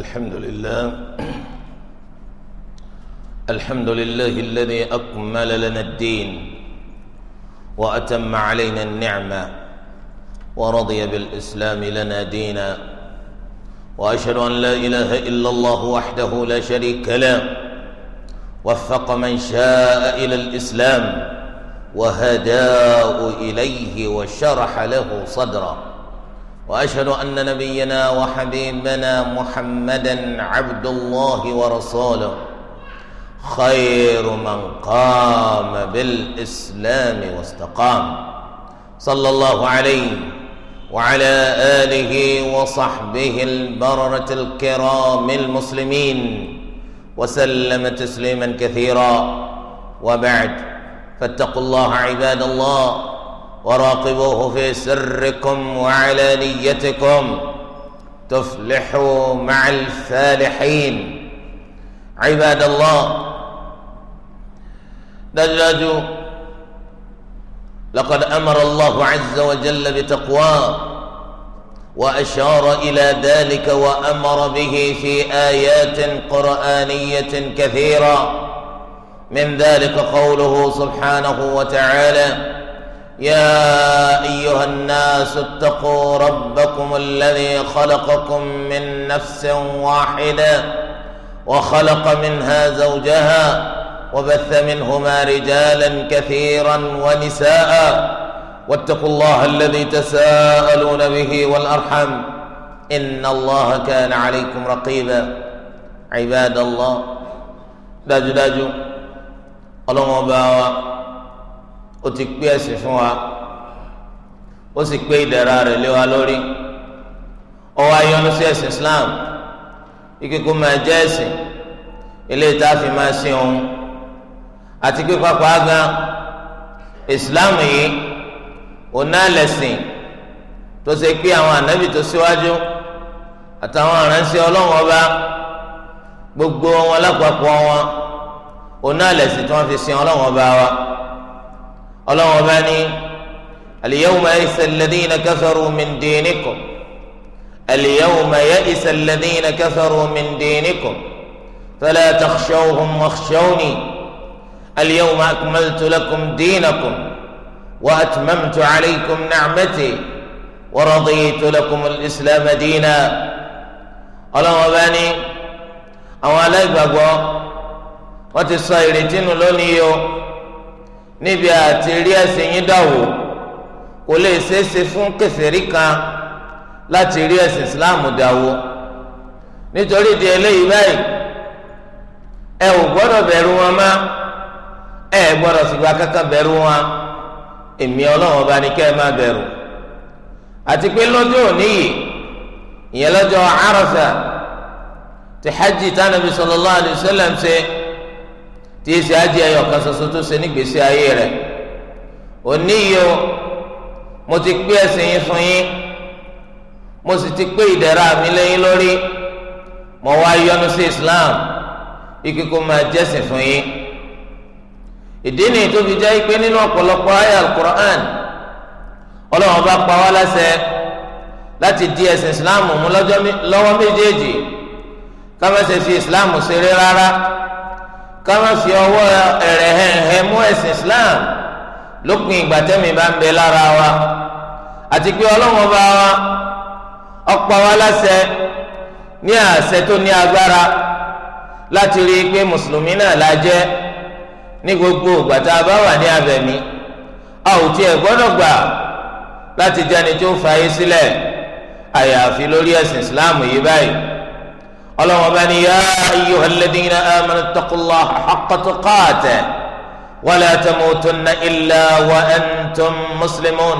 الحمد لله الحمد لله الذي أكمل لنا الدين وأتم علينا النعمة ورضي بالإسلام لنا دينا وأشهد أن لا إله إلا الله وحده لا شريك له وفق من شاء إلى الإسلام وهداه إليه وشرح له صدره واشهد ان نبينا وحبيبنا محمدا عبد الله ورسوله خير من قام بالاسلام واستقام صلى الله عليه وعلى اله وصحبه البرره الكرام المسلمين وسلم تسليما كثيرا وبعد فاتقوا الله عباد الله وراقبوه في سركم وعلانيتكم تفلحوا مع الفالحين عباد الله دجاج لقد امر الله عز وجل بتقواه واشار الى ذلك وامر به في ايات قرانيه كثيره من ذلك قوله سبحانه وتعالى يا ايها الناس اتقوا ربكم الذي خلقكم من نفس واحده وخلق منها زوجها وبث منهما رجالا كثيرا ونساء واتقوا الله الذي تساءلون به والارحم ان الله كان عليكم رقيبا عباد الله داجو داجو اللهم بارك ó ti pé ẹ̀sìn fún wa ó sì pé ìdẹ̀ra rẹ̀ lé wa lórí ó wá sí ẹ̀sìn Islam ikíkú máa jẹ́ ẹ̀sìn ilé ìta fi máa sin òun àti pé pápá gan Islam yìí òun náà lẹ̀sìn tó ṣe pé àwọn ànábì tó síwájú àtàwọn aránṣẹ́ Ọlọ́run ọba gbogbo wọn lápapọ̀ wọn òun náà lẹ̀sìn tí wọ́n fi sin Ọlọ́run ọba wa. الله وباني اليوم يئس الذين كفروا من دينكم اليوم يئس الذين كفروا من دينكم فلا تخشوهم واخشوني اليوم اكملت لكم دينكم واتممت عليكم نعمتي ورضيت لكم الاسلام دينا الله وباني اوالي بابا واتي صايرتين لوليو níbi àti rí ẹ̀sìn yín dáwò kò lè ṣeé ṣe fún kèfèrí kan láti rí ẹ̀sìn ìsìláàmù dáwò nítorí di eléyìí báyìí ẹ ò gbọ́dọ̀ bẹ̀rù wọn má ẹ gbọ́dọ̀ sìgbà kankan bẹ̀rù wọn èmi Ọlọ́run ọba ni kẹ́ ẹ má bẹ̀rù àti pé lọ́jọ́ òní yìí ìyẹn lọ́jọ́ Àrafà ti hajj tánàbí sallallahu alaihi wasallam ṣe tí èsì ájì ẹyọ kan ṣoṣo tó ṣe nígbèsí ayé rẹ̀ òní yìí o mo ti pé ẹ̀sìn yín fún yín mo sì ti pé ìdẹ̀ra mi lẹ́yìn lórí mo wá yọ́nú sí Islam ike kó máa jẹ́sìn fún yín ìdí nìyí tó fi jẹ́ pé nínú ọ̀pọ̀lọpọ̀ ayé al-Qur'an ọlọ́run bá pa wá láṣẹ láti di ẹ̀sìn Islam mú lọ́wọ́ méjèèjì ká má ṣe fi Islam ṣeré rárá. ká má fi ọwọ́ ẹ̀rẹ̀ hẹ̀hẹ̀ mú ẹ̀sìn islam lópin ìgbà bá ń bẹ wa àti pé ọlọ́wọ́n bá wa ọ̀pọ̀ wa láṣẹ ní àṣẹ tó ní agbára láti rí i pé la je ní gbogbo ìgbà tá a bá wà ní abẹ̀mí a ò tiẹ̀ gbọ́dọ̀ gbà láti jẹ́ni tó sílẹ̀ ọlọ́wọ́n bá ní yá ayyuhal ladina amanu taqullaha haqqa tuqatih wala tamutunna illa wa antum muslimun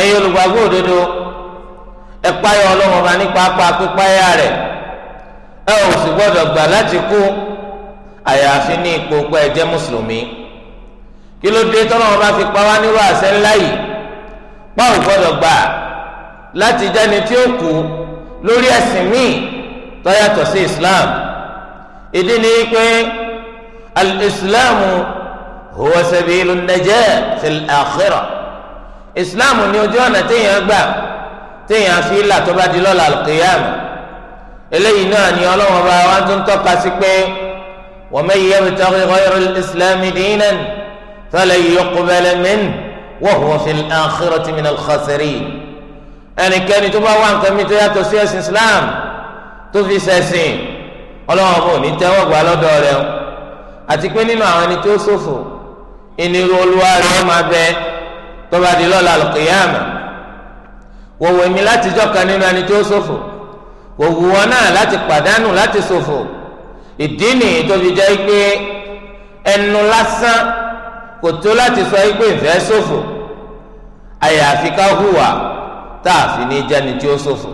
ẹ̀yin olùgbàgbọ́ òdodo ẹ̀páyọ̀ ọlọ́wọ́n bá ní pápá pípáyà rẹ̀ ẹ ò sì gbọ́dọ̀ gbà láti kú àyàfi ní ipò pé ẹ jẹ́ mùsùlùmí kí ló dé tọ́lọ́wọ́n bá fi pa wá nírú àṣẹ ńlá yìí pa ò gbọ́dọ̀ gbà láti jẹ́ni tí ó kú lórí ẹ̀sìn míì tó yàtọ̀ sí islam ìdí ni pé alìsílámù huwa sabilu najah fil akhirah ìsìláàmù ni ojú ọ̀nà téèyàn gbà téèyàn fi là tó bá di lọ́la alqiyam eléyìí náà ni ọlọ́wọ́n bá wa tó ń tọ́ka sí pé wa man yabtaghi ghayra al-islami dinan falan yuqbala minhu wa huwa fil akhirati minal khasirin ẹnikẹ́ni tó bá wà nǹkan mi tó yàtọ̀ sí ẹ̀sìn islam tó fi ṣẹ̀sìn ọlọ́wọ́n bò ní tẹ́wọ́ gbà lọ́dọ̀ rẹ̀ o àti pé nínú àwọn ẹni tó ṣòfò ìnirú olúwa rẹ̀ ó máa bẹ tó bá di lọ́la lùkìyàmù wòwò mi láti jọ́kan nínú ẹni tó ṣòfò wòwò wọn náà láti pàdánù láti ṣòfò ìdí nìyí tó fi jẹ́ pé ẹnu lásán kò tó láti sọ pé ìfẹ́ ṣòfò àyàfi ká hùwà tá a fi ní jẹ́ni tí ó ṣòfò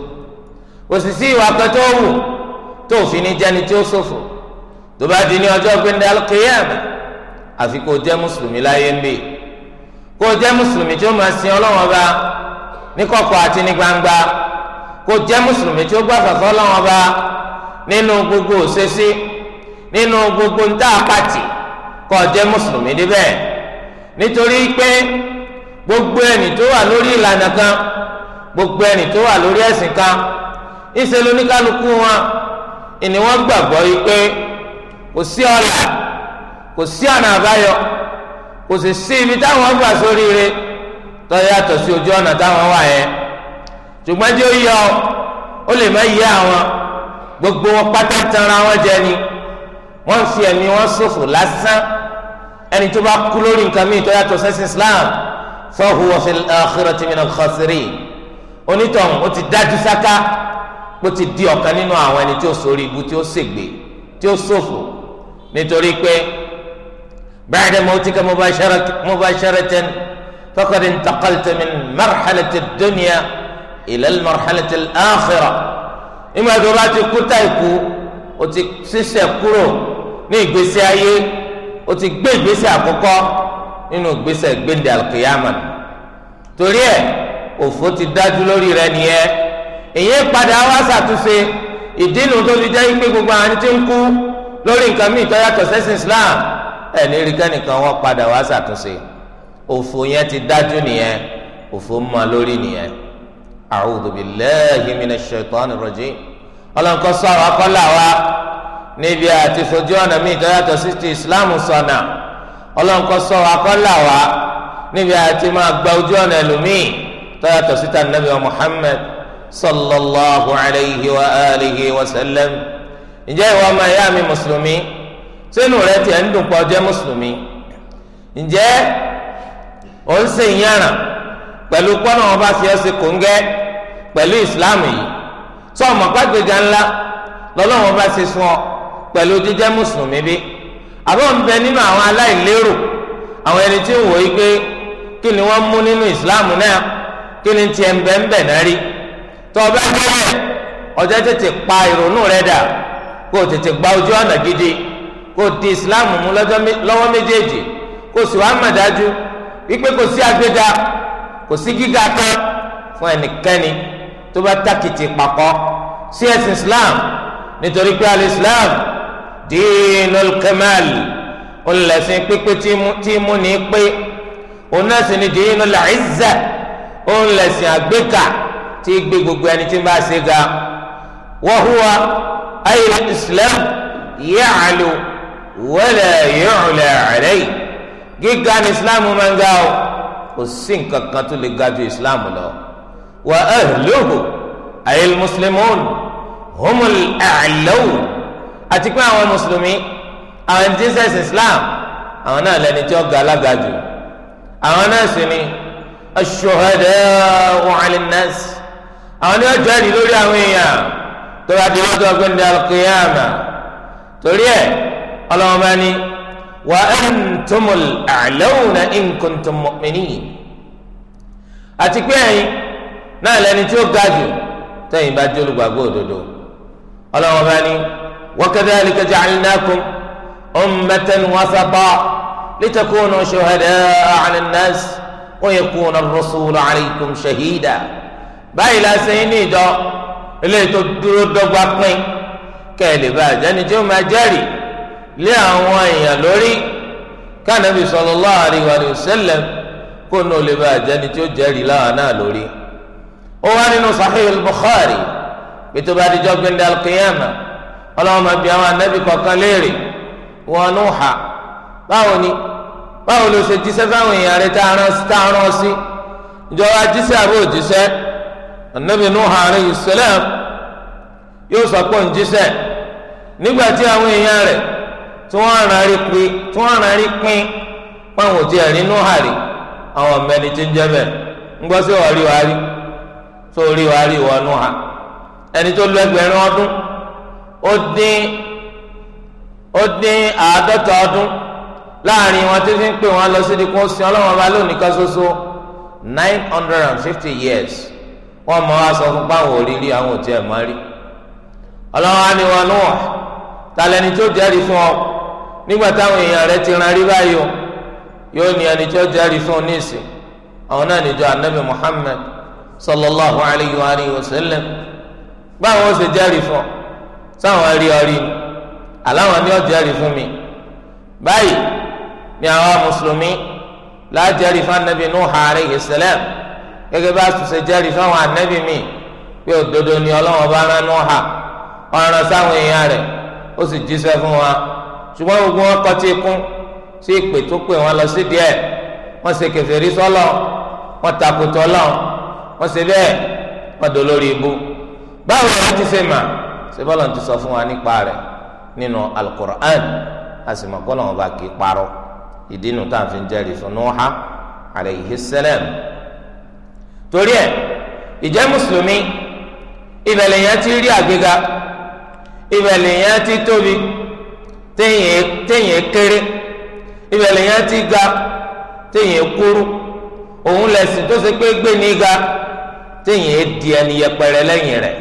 òsìsí ìwà kan tó wù tó fi ní jẹni tí ó ṣòfò tó bá di ní ọjọ́ gbẹ̀ndẹ̀ alqiyam àfi kó jẹ́ mùsùlùmí láyé ń bì kó jẹ́ mùsùlùmí tí ó máa sin ọlọ́wọ́n bá ní kọ̀kọ̀ àti ní gbangba kó jẹ́ mùsùlùmí tí ó gbà fàfọ́ ọlọ́wọ́n bá nínú gbogbo òṣèṣì nínú gbogbo ń tá a mùsùlùmí débẹ̀ nítorí pé gbogbo ẹni tó wà lórí ìlànà kan gbogbo ẹni tó wà lórí ẹ̀sìn kan ìṣe lóníkálukú wọn ìní wọn gbàgbọ́ yìí pé kò sí ọ̀la kò sí ọ̀nà àbáyọ kò sì sí ibi táwọn gbà sórí rẹ tó yàtọ̀ sí ojú ọ̀nà táwọn wà yẹn ṣùgbọ́n jẹ́ oyè ọ ó lè má yẹ àwọn gbogbo wọn pátá tanra wọn jẹ ni wọ́n fi ẹ̀mí wọn ṣòfò lásán ẹni tó bá kú lórí nǹkan míì tó sẹ́sìn Islam fa huwa fil onítọ̀hún ó ti dájú sáká kó ti di ọ̀kan nínú àwọn ẹni tí ó sórí ibu tí ó ṣègbè tí ó ṣòfò nítorí pé ba'da mawtika mubasharatan faqad intaqalta min marhalati dunya ila marhalati al-akhirah ìmọ̀ ẹ̀dọ́ bá ti kú táìkú ó ti ṣiṣẹ́ kúrò ní ìgbésí ayé ó ti gbé ìgbésẹ̀ àkọ́kọ́ nínú ìgbésẹ̀ gbéǹde al-qiyamah torí ẹ̀ òfò ti dájú lórí rẹ nìyẹn èyí padà wá ṣàtúnṣe ìdí nu tó fi jẹ́ pé gbogbo àwọn tí ń kú lórí nǹkan míì tó yàtọ̀ sẹ́sìn Islam ẹni rí kẹ́nìkan wọ́n padà wá ṣàtúnṣe òfò yẹn ti dájú nìyẹn òfò ń ma lórí nìyẹn a'udhu billahi minash shaitanir rajim ọlọ́nkọ́ sọ̀rọ̀ akọ́là wa níbi àti fojú ọ̀nà míì tó sí ti Islam sọ̀nà ọlọ́nkọ́ sọ̀rọ̀ akọ́là wa níbi àti máa gba ojú ọ̀nà ẹlòmíì tó sí ta Nabi Muhammad sallallahu alayhi wa alihi wa sallam ǹjẹ́ ìwọ ọmọ ìyá mi mùsùlùmí sínú rẹ tiẹ̀ ń dùn pọ̀ jẹ́ mùsùlùmí ǹjẹ́ ò ń ṣe ìyànà pẹ̀lú pọ́nà ọba fi ọ́ sí kòńgẹ́ pẹ̀lú ìsìláàmù yìí sọ ọmọ pàgbéga ńlá lọ́lọ́wọ́n bá ṣe fún ọ pẹ̀lú jíjẹ́ mùsùlùmí bí àbọ̀ ń bẹ nínú àwọn aláìlérò àwọn ẹni tí ń wòye pé kí ni wọ́n mú nínú ìsìláàmù náà kí ni tiẹ̀ ń bẹ ń bẹ náà rí tó o bá débẹ̀ ọjọ́ tètè pa ìrònú rẹ dà kó o tètè gba ojú ọ̀nà gidi kó o di islam mú lọ́wọ́ méjèèjì kó o sì wá mọ̀ dájú wípé kò sí agbéga kò sí gíga kan fún ẹnikẹ́ni tó bá tàkìtì pàkọ́ sí ẹ̀sìn islam nítorí pé al-islam diinul kamal olùlẹ̀sìn pípé tí mú ní pé òun náà diinul izza olùlẹ̀sìn àgbéga tí gbé gbogbo ẹni tí ń bá ṣe ga wa huwa ayé islam ya'lu wala yu'la alayhi gíga ní islam máa ń ga o kò sí nǹkan kan tó lè ga ju islam lọ wa ahluhu ayé muslimun humul a'lawu àti pé àwọn mùsùlùmí àwọn ẹni islam àwọn náà lẹni tí ó ga alága jù àwọn náà sì ni ash-shuhada'u 'ala an àwọn ni ó jẹ́rìí lórí àwọn èèyàn tó bá di lọ́jọ́ gbẹ̀ndé alqiyama torí ẹ̀ ọlọ́run bá ní wa antumul a'lawna in kuntum mu'minin àti pé ẹ̀yin náà lẹni tí ó ga jù tẹ̀yin bá jẹ́ olùgbàgbọ́ òdodo ọlọ́run bá ní wa kadhalika ja'alnakum ummatan wasata litakunu shuhada'a 'ala an-nas wa yakuna ar-rasulu 'alaykum shahida báyìí la ṣe ní ìjọ eléyìí tó dúró dọ́gba pín kẹ́ẹ̀lì bá àjẹni tí ó máa jẹ́rìí lé àwọn èèyàn lórí kánàbì sallallahu alaihi wa sallam kó nù lè bá àjẹni tí ó jẹ́rìí láwọn náà lórí. ó wá nínú Sahih al-Bukhari bí tó bá dijọ́ gbẹ̀ndẹ̀ al-qiyama ọlọ́wọ́n máa bi àwọn anábì kọ̀ọ̀kan léèrè wọn nù hà báwo ni báwo ló ṣe jíṣẹ́ fáwọn èèyàn rẹ̀ tá a rán sí ìjọba jíṣẹ́ àbí òjíṣẹ́ anabi nuha aleyhi salam yóò sọpọ̀ njíṣẹ́ nígbà tí àwọn èèyàn rẹ̀ tí wọ́n rán rí pin tí wọ́n rán rí pin páwọn òtí ẹ̀rí nuha rí àwọn ọmọ ẹni tí ń jẹ́ bẹ́ẹ̀ ń gbọ́ sí ọ̀rí wa rí tó rí wa rí wọ nuha ẹni tó lẹ́gbẹ̀rún ọdún ó dín ó dín àádọ́ta ọdún láàrin wọn tí fi ń pè wọn lọ sí di kó sin ọlọ́wọ́n ọba lónìí kan ṣoṣo nine hundred and fifty years wọ́n mọ̀ wá sọ fún páwọn òrírí àwọn òtí ẹ̀ máa rí ọlọ́wọ́ á ní wọn nù wá talẹ́ni tó jẹ́rìí fún ọ nígbà táwọn èèyàn rẹ ti ran rí báyìí o yóò ní ẹni tó jẹ́rìí fún ọ ní àwọn náà níjọ anabi Muhammad sallallahu alayhi wa alihi wa sallam báwọn ó sì jẹ́rìí fún ọ sáwọn rí ọ aláwọn ni ó jẹ́rìí fún mi báyìí ni àwọn mùsùlùmí lájẹ́rìí fún anabi Nuh alayhi salam gẹ́gẹ́ bá ṣùṣe jẹ́rìí fáwọn ànábì mi pé òdodo ni Ọlọ́run bá rán Nóà ọ̀ràn sáwọn èèyàn rẹ̀ ó sì jíṣẹ́ fún wa ṣùgbọ́n gbogbo wọn kọtí ikún sí ìpè tó pè wọn lọ sí díẹ̀ wọ́n ṣe kèfèrí sọ́lọ̀ wọ́n takùtọ̀ lọ́n wọ́n ṣe bẹ́ẹ̀ wọ́n dò lórí ibú báwo ni wọ́n ti ṣe mà ṣe bọ́lọ̀ ti sọ fún wa nípa rẹ̀ nínú alukur'an a sì bá kí parọ́ ìdí nu táà fi ń jẹ́rìí fún Nóà alayhi salam torí ẹ ìjẹ́ mùsùlùmí ibẹ̀ lèèyàn ti rí àgbéga ibẹ̀ lèèyàn ti tóbi téèyàn kéré ibẹ̀ lèèyàn ti ga téèyàn kúrú òun lẹ̀sìn tó ṣe pé gbé ní ga téèyàn di ẹni yẹpẹrẹ lẹ́yìn rẹ̀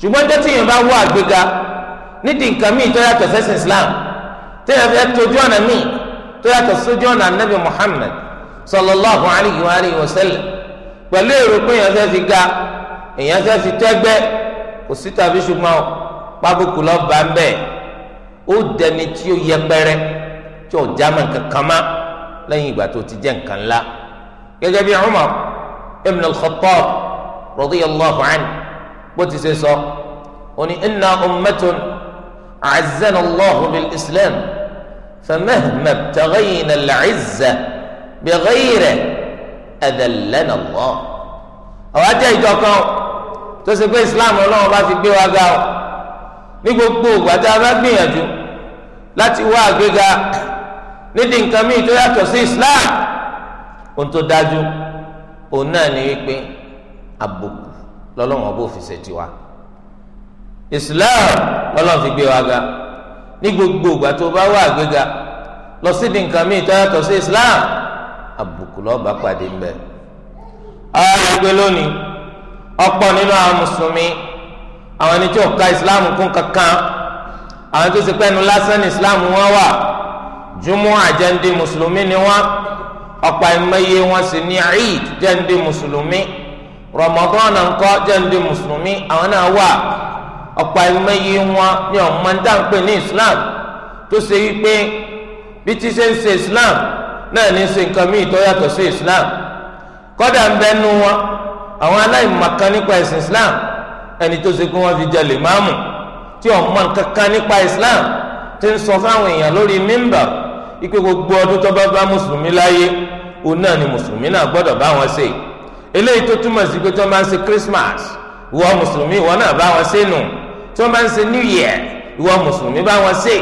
ṣùgbọ́n tó téèyàn bá wọ àgbéga nídìí nǹkan míì tó yàtọ̀ sẹ́sìn Islam téèyàn fẹ́ tójú ọ̀nà míì tó yàtọ̀ sójú ọ̀nà Ànábì Muhammad sallallahu alayhi wa alihi pẹ̀lú èrò pé èèyàn fẹ́ fi ga èèyàn fẹ́ fi tẹ́gbẹ́ kò sí tàbí ṣùgbọ́n pábùkù lọ́ọ́ bá ń bẹ̀ ó dẹni tí ó yẹpẹrẹ tí ó jámọ̀ kankan má lẹ́yìn ìgbà tó ti jẹ́ nǹkan ńlá gẹ́gẹ́ bí Umar ibn al-Khattab radiyallahu anhu bó ti ṣe sọ ó ní inna ummatun Allahu bil Islam famahma ibtaghayna al-izza bighayrihi adallana Allah àwa jẹ́ ìjọ kan tó ṣe pé islam ọlọ́run bá fi gbé wa ga o ní gbogbo ìgbà tá a bá gbìyànjú láti wá àgbéga nídìí nǹkan míì tó yàtọ̀ sí islam ohun tó dájú òun náà ni wípé àbùkù lọ́lọ́run ọba òfìsè tiwa islam lọ́lọ́run fi gbé wa ga ní gbogbo ìgbà tó bá wá àgbéga lọ sídìí nǹkan míì tó yàtọ̀ sí islam àbùkù lọ́ba pàdé ńbẹ. ọ̀rọ̀ ìgbé lónìí ọ̀pọ̀ nínú àwọn mùsùlùmí àwọn ẹni tí ò ka islam kún kankan àwọn tó ti pẹ́nu lásán ní islam wọn wà jùmọ̀ àjẹ́ndé mùsùlùmí ni wọn ọ̀pọ̀ ìmọ̀ye wọn sì ní eid jẹ́ndé mùsùlùmí ramadan ńkọ́ jẹ́ndé mùsùlùmí àwọn náà wà ọ̀pọ̀ ìmọ̀ye wọn ni ọ̀mọ̀ntàǹpẹ̀ ní islam tó ṣe wípé bí ti ṣe ń ṣe islam náà ní ṣe nǹkan míì tó yàtọ̀ sí islam kọ́dà ń bẹ nu wọn àwọn aláìmọ̀kan nípa ẹ̀sìn islam ẹni tó ṣe kí wọ́n fi jalè máàmù tí ò mọ̀ kankan nípa islam ti ń sọ fáwọn èèyàn lórí mímbà ipe gbogbo ọdún tó bá bá mùsùlùmí láyé òun náà ni mùsùlùmí náà gbọ́dọ̀ bá wọn ṣe eléyìí tó túmọ̀ sí pé tó máa ń ṣe christmas ìwọ mùsùlùmí ìwọ náà bá wọn ṣe nù tó máa ń ṣe new year ìwọ mùsùlùmí bá wọn ṣe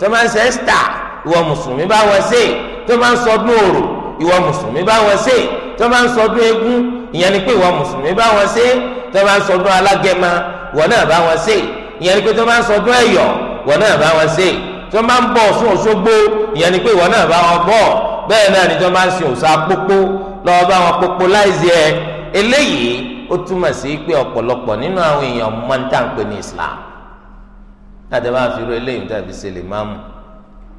tó máa ń ṣe easter ìwọ mùsùlùmí bá wọn ṣe tó bá ń sọdún òrò ìwọ mùsùlùmí bá wọn ṣe tó bá ń sọdún eégún ìyẹn ni pé ìwọ mùsùlùmí bá wọn ṣe tó bá ń sọdún alágẹmọ wọn náà bá wọn ṣe ìyẹn ni pé tó bá ń sọdún ẹ̀yọ̀ wọn náà bá wọn ṣe tó bá ń bọ̀ Ọ̀ṣun Òṣogbo ìyẹn ni pé ìwọ náà bá wọn bọ̀ bẹ́ẹ̀ náà ni tó bá ń sin òòṣà pópó lọ́wọ́ bá wọn pópó láìsí ẹ eléyìí ó túmọ̀ sí pé ọ̀pọ̀lọpọ̀ nínú àwọn èèyàn mọ́ńtà ń pè ní Islam láti bá fi ru eléyìí tàbí ṣe lè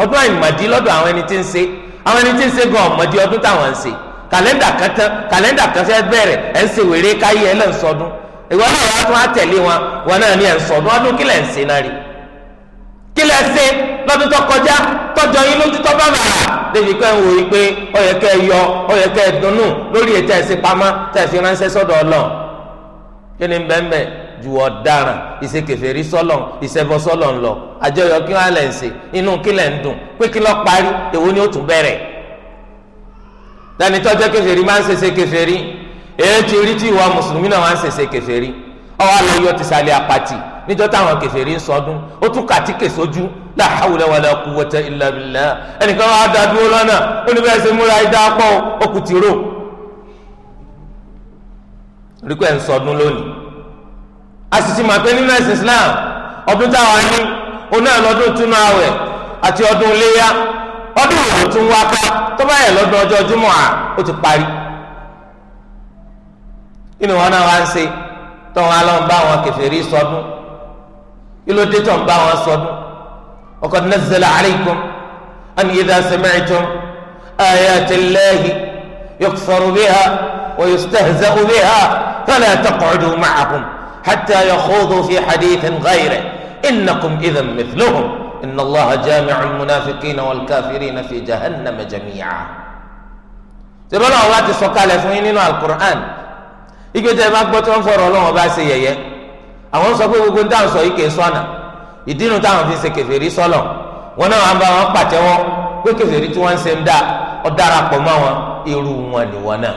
ọdún àìmọ̀dí lọ́dọ̀ àwọn ẹni tí ń ṣe àwọn ẹni tí ń ṣe gan ọ̀mọ̀dí ọdún táwọn ń ṣe kàlẹ́ndà kan tán kàlẹ́ndà kan fẹ́ bẹ̀rẹ̀ ẹ̀ ń ṣe wèrè káyé ẹ̀ lẹ́ ń sọdún ìwọ náà wàá tún á tẹ̀lé wọn wọn náà ní ẹ̀ ń sọdún ọdún kílẹ̀ ń ṣe náà rí kílẹ̀ ṣe lọ́dún tó kọjá tọjọ yín lójú tó bá bàrà débi pé ń wò yí pé ó yẹ kẹ́ yọ ó yẹ kẹ́ dunnú lórí ètò ẹ̀sìn pamọ́ tẹ̀sí ránṣẹ́ sọ́dọ̀ ọlọ́ọ̀ ju ọ̀daràn ìṣekèfèrí sọ́lọ̀ ìṣẹbọ sọ́lọ̀ ńlọ àjọyọ̀ kí wọ́n lẹ̀ ń ṣe inú kí lẹ̀ ń dùn pé kí lọ́ọ́ parí èwo ni ó tún bẹ̀rẹ̀ tẹnitọ́jọ́ kèfèrí máa ń ṣe ṣe kèfèrí èyí ti rí tí ìwà mùsùlùmí náà máa ń ṣe ṣe kèfèrí ọwọ́ àlọ́ yọ ti sàlẹ̀ àpàtì níjọ́ táwọn kèfèrí ń sọdún ó tún kàtí kèsójú la hawla wala quwwata illa billah ẹnìkan wàá dàdúró lọ́nà ó ní bẹ́ẹ̀ ṣe múra ẹja pọ̀ ó kù tìró rí asisi máa pé nínú ẹ̀sìn islam ọdún táwa ní oná ẹlọ́dún túnú àwẹ̀ àti ọdún iléyà ọdún ìwò tún wá ká tó bá yẹ lọ́dún ọjọ́ júmọ̀ à ó ti parí kí ni wọn náà wá ń ṣe tó wọn alọ́ ń bá wọn kèfèrí sọdún kí ló tó ń bá wọn sọdún وقد نزل عليكم أن إذا سمعتم آيات الله يكفر بها ويستهزأ بها فلا تقعدوا معهم حتى يخوضوا في حديث غيره إنكم إذا مثلهم إن الله جامع المنافقين والكافرين في جهنم جميعا tẹ̀bọ́n náà wá ti sọ̀kalẹ̀ fún yín nínú alukur'an ìgbésẹ̀ ẹ bá gbọ́ tí wọ́n fọ̀rọ̀ ọlọ́wọ́n bá ṣe yẹ̀yẹ́ àwọn sọ pé gbogbo dáhùn sọ yìí kè sọ́nà ìdínú táwọn fi ṣe kèfèrí sọ́lọ̀ wọn náà wá ń bá wọn pàtẹ́wọ́ pé kèfèrí tí wọ́n ń ṣe ń dá ọ̀darapọ̀ mọ́ wọn irú wọn ni wọn náà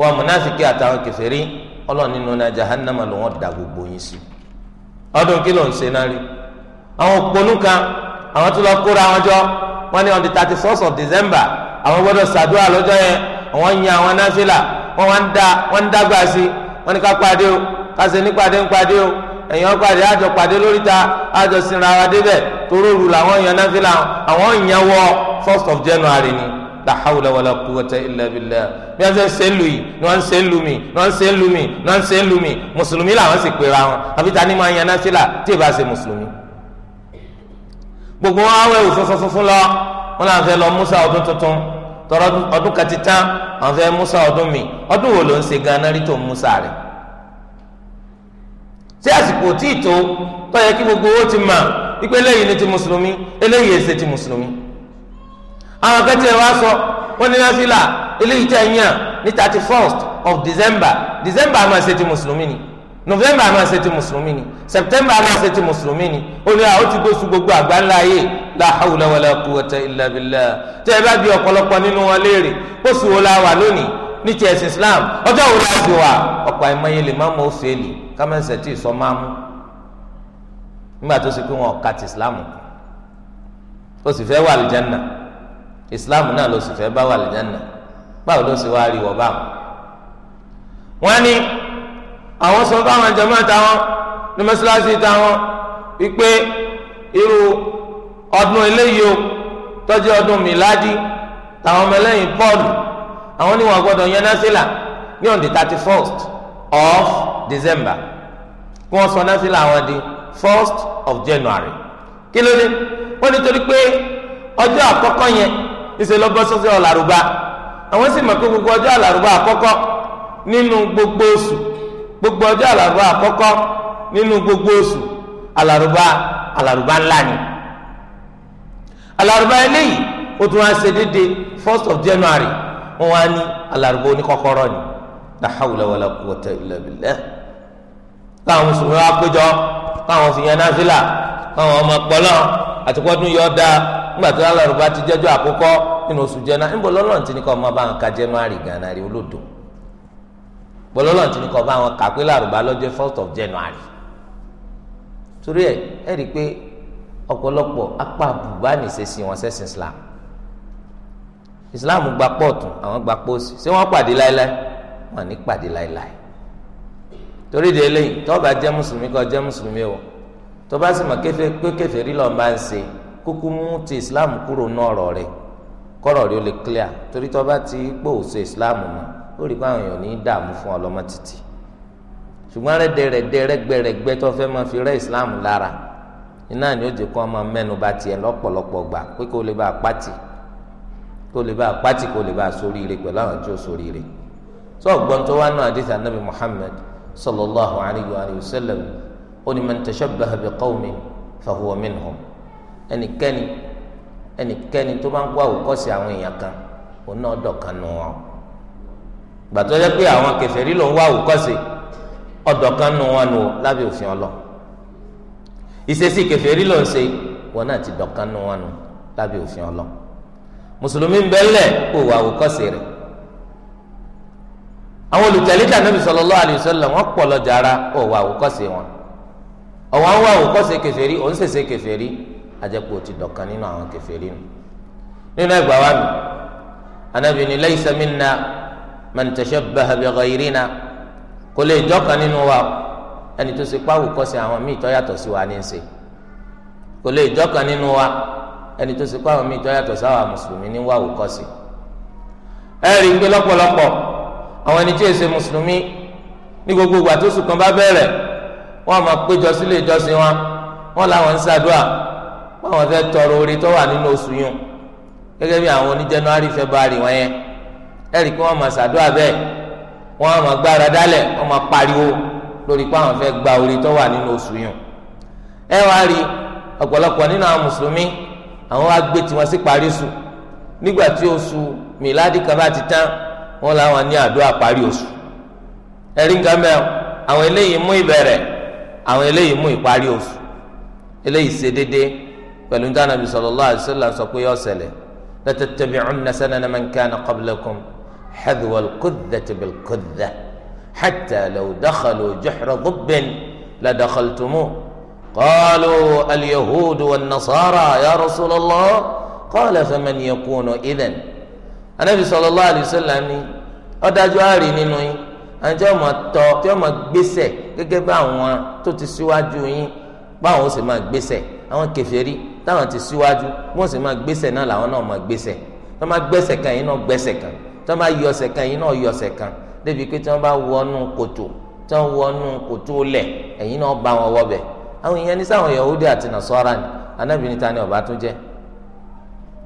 wọn mùnáfíkì àtàwọn kèfèrí ọlọ́run nínú náà jahannama ló wọ́n da gbogbo yín sí ọdún kí ló ń ṣe náà rí àwọn òpònú àwọn tó lọ kóra wọn jọ wọn ní on the thirty first of december àwọn gbọ́dọ̀ ṣàdúrà lọ́jọ́ yẹn àwọn yan àwọn násìlà wọn wá ń da wọn ń dágbà sí wọn ní ká pàdé o ká ṣe ní pàdé ń pàdé o èèyàn pàdé àjọ pàdé lóríta àjọ sinra wa débẹ̀ toróòrù làwọn yan násìlà àwọn yan wọ first of january ni la hawla wala quwwata illa billah bí wọ́n ṣe ń sẹ́lù yìí ni wọ́n ń sẹ́lù mi ni wọ́n ń sẹ́lù mi ni wọ́n ń sẹ́lù mi mùsùlùmí làwọn sì pera wọn àbí ta ni máa yan násìlà tí ì bá ṣe mùsùlùmí. gbogbo wọn awẹ́ òfin funfun lọ wọn làwọn fẹ́ lọ musa ọdún tuntun tọrọ ọdún kan ti tán àwọn fẹ́ musa ọdún mi ọdún wo ló ń ṣe ganan rí tó musa rẹ̀ sí àsìkò tí ì tó tọ́ yẹ kí gbogbo owó ti mà ìpele yìí ni ti mùsùlùmí eléyìí èsè àwọn akẹ́tì wa sọ wọ́n ní náfìlà eléyìí tẹ̀ yàn ní thirty first of december december àmọ́ ṣe ti mùsùlùmí ni november àmọ́ ṣe ti mùsùlùmí ni september àmọ́ ṣe ti mùsùlùmí ni ó ní àwọn ti gbóṣù gbogbo àgbáńlá ayé la hawla wala quwwata illa billah tẹ́ ẹ bá bí ọ̀pọ̀lọpọ̀ nínú wọn léèrè gbóṣù wo la wà lónìí ní ti ẹ̀sìn islam ọjọ́ wo la ti wà ọ̀pọ̀ àìmọye lè má mọ òfèèlì kámẹ́sẹ̀ tí ì sọ máa islam náà ló sì fẹ́ bá wà lẹ́jẹ̀nà báwo ló sì wá rí wọ́ báwọn. wọ́n ní àwọn sọ fáwọn jàmáà táwọn ní mọ́ṣáláṣí táwọn wípé irú ọdún eléyìí o tọ́jú ọdún mìládì táwọn ọmọ ẹlẹ́yìn pọ́ọ̀lù àwọn ní wọn gbọ́dọ̀ yan násìlà ní on the thirty first of december kí wọ́n sọ násìlà àwọn di first of january kí ló dé wọ́n nítorí pé ọjọ́ àkọ́kọ́ yẹn níṣẹ́ lọ́gbọ́ sọ́sẹ́ ọ̀làrúbá àwọn sì mọ̀ pé gbogbo ọjọ́ àlàrúbá àkọ́kọ́ nínú gbogbo oṣù gbogbo ọjọ́ àlàrúbá àkọ́kọ́ nínú gbogbo oṣù àlàrúbá àlàrúbá ńlá ni àlàrúbá eléyìí ó tún wá ṣe déédéé first of January wọn wá ní àlàrúbá oníkọ́kọ́rọ́ ni káwọn mùsùlùmí wá péjọ káwọn fi yan náfìlà káwọn ọmọ pọlọ àtikọ́dún yọ dáa nígbà tó lálọ́ rúbá ti jẹ́jọ́ àkọ́kọ́ nínú oṣù jẹ́nà níbo lọ́lọ́run ti ní kọ́ ọmọ bá wọn ka january gánà rí olódò níbo lọ́lọ́run ti ní kọ́ bá wọn kà pé lárúbá lọ́jọ́ first of january torí ẹ ẹ rí i pé ọ̀pọ̀lọpọ̀ apá àbùbá nìṣesí wọn sẹ́sìn islam islam gba pọ́ọ̀tù àwọn gba pósì ṣé wọ́n pàdé láéláé wọn ní pàdé láéláé torí de eléyìí tó bá jẹ́ mùsùlùmí kó jẹ́ mùsùlùmí o tó sì mọ̀ kéfèé pé kèfèrí lọ́ọ́ máa ń ṣe kúkú mú ti islam kúrò ní ọ̀rọ̀ rẹ̀ kọ́rọ̀ rẹ̀ ó lè clear torí tó bá ti pò ṣe islam mọ́ ó rí i pé àwọn èèyàn ní í dààmú fún ọlọ́mọ títì ṣùgbọ́n rẹ́dẹ̀rẹ́dẹ́ rẹ́gbẹ̀rẹ́gbẹ́ tó fẹ́ máa fi rẹ́ islam lára iná ni ó jẹ́ kó máa mẹ́nu bà tiẹ̀ lọ́pọ̀lọpọ̀ gbà pé kó lè bá a pátì kó lè bá a pátì kó lè bá a sóríire pẹ̀lú àwọn tí ó sóríire sọ ọgbọ́n tó wá náà àdìsí anabi muhammad sallallahu alayhi wa sallam ó ní man tashabbaha bi qawmin fahuwa minhum ẹnikẹni ẹnikẹ́ni tó bá ń kó àwòkọ́sí àwọn èèyàn kan òun náà dọ̀kan nù wọn gbàtọ́ jẹ́ pé àwọn keferi ló ń wá àwòkọ́sí ọ̀dọ̀kan nù wọn nù lábẹ́ òfin ọlọ ìṣesí keferi ló ń ṣe wọn ti dọ̀kan nù wọn nù lábẹ́ ọlọ mùsùlùmí bẹ́lẹ̀ kó wá àwòkọ́sí rẹ̀ àwọn olùtẹ̀lé tà Nábì pọ̀ lọ́jà ara wọn ọ̀wọ́n wá àwòkọ́sí òun ṣèṣe ajẹ́pọ̀ ti dọ̀kan nínú àwọn kẹfẹ́rí nù. nínú ẹgbàá wa mi anabi ni laysa minna man tashabbaha bi ghayrina kò lè jọ́kan nínú wa ẹni tó ṣe páwù kọ́sí àwọn míì tó yàtọ̀ sí wa ní í ṣe kò lè jọ́kan nínú wa ẹni tó ṣe páwù míì tó yàtọ̀ sáwà mùsùlùmí ní wàwù kọ́sí. ẹ rí i pé lọ́pọ̀lọpọ̀ àwọn ẹni tí èsè mùsùlùmí ní gbogbo ìgbà tó sùn kan bá bẹ̀rẹ̀ wọ́n máa péjọ sílé ìjọsìn wọn wọ́n làwọn ń ṣàdúrà báwọn fẹ́ tọrọ orí tó wà nínú oṣù yìí gẹ́gẹ́ bí àwọn oní January February wọn yẹn ẹ̀rí kí wọn máa ṣàdúrà bẹ́ẹ̀ wọ́n máa gbára dálẹ̀ wọn máa pariwo lórí pé àwọn gba orí wà nínú oṣù yìí ẹ wá rí ọ̀pọ̀lọpọ̀ nínú àwọn mùsùlùmí àwọn wá gbé tiwọn sí parí nígbà tí oṣù kan bá ti tán wọn làwọn ní àdúrà parí oṣù nǹkan àwọn eléyìí mú pẹ̀lú ní Ànábì sallallahu alaihi wasallam sọ pé yọ ṣẹlẹ̀ latattabi'unna sanana man kana qablakum hadwa al-qudhati bil-qudhah hatta law dakhalu juhra dubbin la dakhaltumuh qalu al-yahudu wan-nasara ya rasulallah qala faman yakunu idhan Ànábì sallallahu alaihi wasallam ni ọdájú àárín nínú yín àti ọmọ tọ tí ọmọ gbèsè gẹ́gẹ́ bá àwọn tó ti síwájú yín báwọn ó sì máa gbèsè àwọn kèfèrí táwọn ti síwájú wọ́n sì máa gbésẹ̀ náà làwọn náà máa gbésẹ̀ tó máa gbésẹ̀ kan yìí náà gbésẹ̀ kan tó máa yọsẹ̀ kan yìí náà yọsẹ̀ kan débi pé tí bá wọnú kòtò tí wọnú kòtò náà bá wọn wọbẹ̀ àwọn èèyàn ní sáwọn Yahudi àti Nasara ni anábìíní ta ni ọba tún jẹ́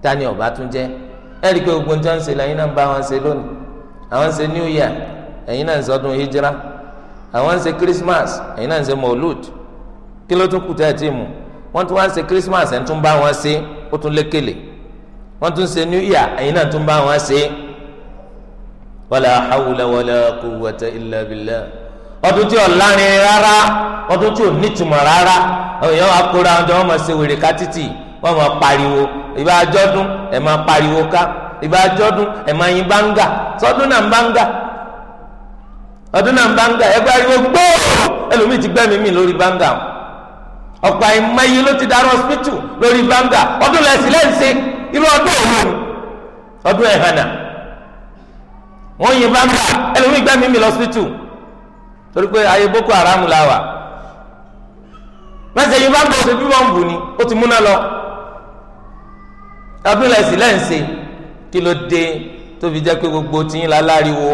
ta ni ọba tún jẹ́ ẹ̀rí pé gbogbo nǹkan ṣe náà ń bá wọn ṣe lónìí àwọn ṣe new year náà ń ọdún hijra àwọn ṣe christmas náà ń ṣe kí ló tún kù tẹ́ wọ́n tún wá ń Christmas ẹ̀ ń tún bá wọn ṣe ó tún lékele wọ́n tún New Year ẹ̀yin náà tún bá wọn wala hawla wala quwwata illa billah ọdún tí ò rárá ọdún tí ò nítumọ̀ rárá àwọn èèyàn ọjọ́ wọn wèrè ká títì wọn pariwo ìbá ẹ̀ máa pariwo ká ìbá ẹ̀ o. ọ̀pọ̀ àìmọye ló ti darí hospital lórí báńgà ọdún lẹ́sìn lẹ́sìn irú ọdún òun ọdún ẹ̀hánà wọ́n yin báńgà ẹlòmíì gbà mímì lọ hospital torí pé ayé boko haram la wà mẹsẹ̀ yin báńgà ọ̀sẹ̀ bí wọ́n ń bù ni ó ti múná lọ ọdún lẹ́sìn lẹ́sìn kí ló dé tó fi jẹ́ pé gbogbo tiyín la láriwo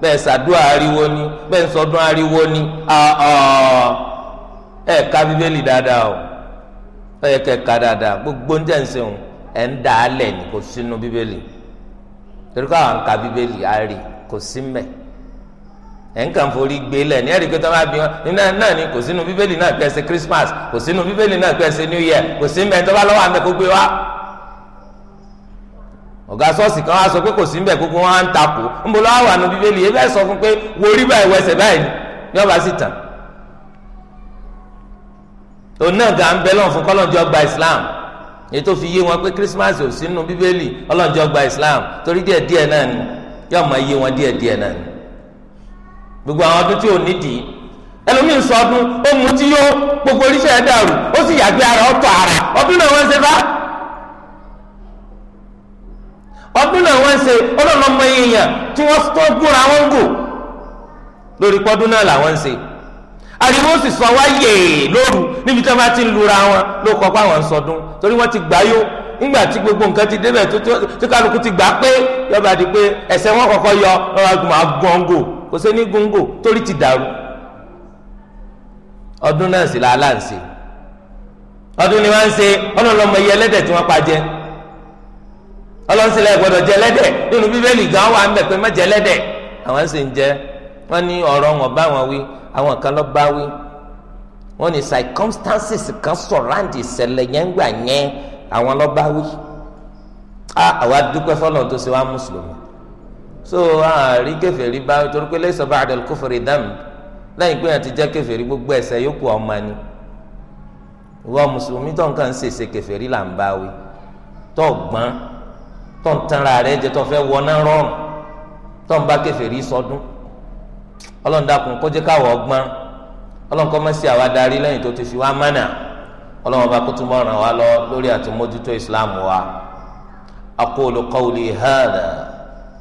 bẹ́ẹ̀ sàdúrà ariwo ni bẹ́ẹ̀ sọdún ariwo ni ọ̀ọ́. Ah, ah. ẹ ká bíbélì dáadáa o ó yẹ gbogbo ní tẹ̀sí òun ẹ̀ ń dà á ní kò ka bíbélì á kò sí ń kàn forí ní ẹ̀rí kẹta máa bí wọn nínú náà ni kò sínú bíbélì náà pẹ́ Christmas kò sínú bíbélì náà New Year kò sí mẹ lọ́wọ́ àmì ọ̀gá sọ́ọ̀sì kan wá sọ pé kò sí gbogbo wọn á òun náà gà ń bẹ lọ́n fún kọ́lọ́njọ́ gba islam ètò fi yé wọn pé krismas ò sínú bíbélì ọlọ́njọ́ gba islam torí díẹ̀ díẹ̀ náà ni yóò máa yé wọn díẹ̀ díẹ̀ náà ni gbogbo àwọn ọdún tí ò nídìí ẹlòmíín sọ ọdún ó mú yó gbogbo oríṣẹ́ dàrú ara ọ̀tọ̀ ara ọdún náà wọ́n ba ṣe ọdún náà wọ́n ṣe ọlọ́run ọmọ èèyàn tí wọ́n tó gbúra wọn ariwo sì sọ wá yèè lóru níbi tí wọn bá ti ń lura wọn ló kọ pé àwọn ń sọdún torí wọn ti gbà yó nígbà tí gbogbo nǹkan ti débẹ̀ tó kálukú ti gbà pé yọba di pé ẹsẹ̀ wọn kọ́kọ́ yọ ọlọ́run máa gbọ́ngò kò sí ní gbọ́ngò torí ti dàrú ọdún náà sì làálà ń ṣe ọdún ni wọn ń ṣe ọlọ́lọ́mọ iye ẹlẹ́dẹ̀ tí wọ́n pa jẹ ọlọ́sílẹ̀ gbọ́dọ̀ jẹ ẹlẹ́dẹ̀ nínú bíbélì gan wà ń bẹ̀ pé má jẹ àwọn sì ń jẹ wọ́n ní ọ̀rọ̀ wọn bá wọn wí àwọn kan lọ bá wí wọ́n ní circumstances kan sọ̀ràǹdì ìṣẹ̀lẹ̀ yẹn ń gbà yẹn àwọn lọ bá wí a ah, àwa dúpẹ́ fọlọ́ tó ṣe wá mùsùlùmí so àárí kèfèrí bá torí pé lẹ́sọ̀ bá àdàlù kó fèrè dàmí lẹ́yìn pé àti jẹ́ kèfèrí gbogbo ẹ̀ṣẹ̀ yòókù ọmọ ni ìwọ mùsùlùmí tó nǹkan ń ṣèṣe kèfèrí là ń bá wí tó gbọ́n tó ń tanra rẹ̀ jẹ tó fẹ́ wọná rọrùn tó ń bá kèfèrí sọdún. So, ọlọ́run dákun kó jẹ́ káwọ́ ọgbọ́n ọlọ́run kó má ṣe àwa darí lẹ́yìn tó ti fi wá mánà ọlọ́run ọba kó tún bọ́ ràn wá lọ lórí àti mójútó islam wa aqulu qawli hadha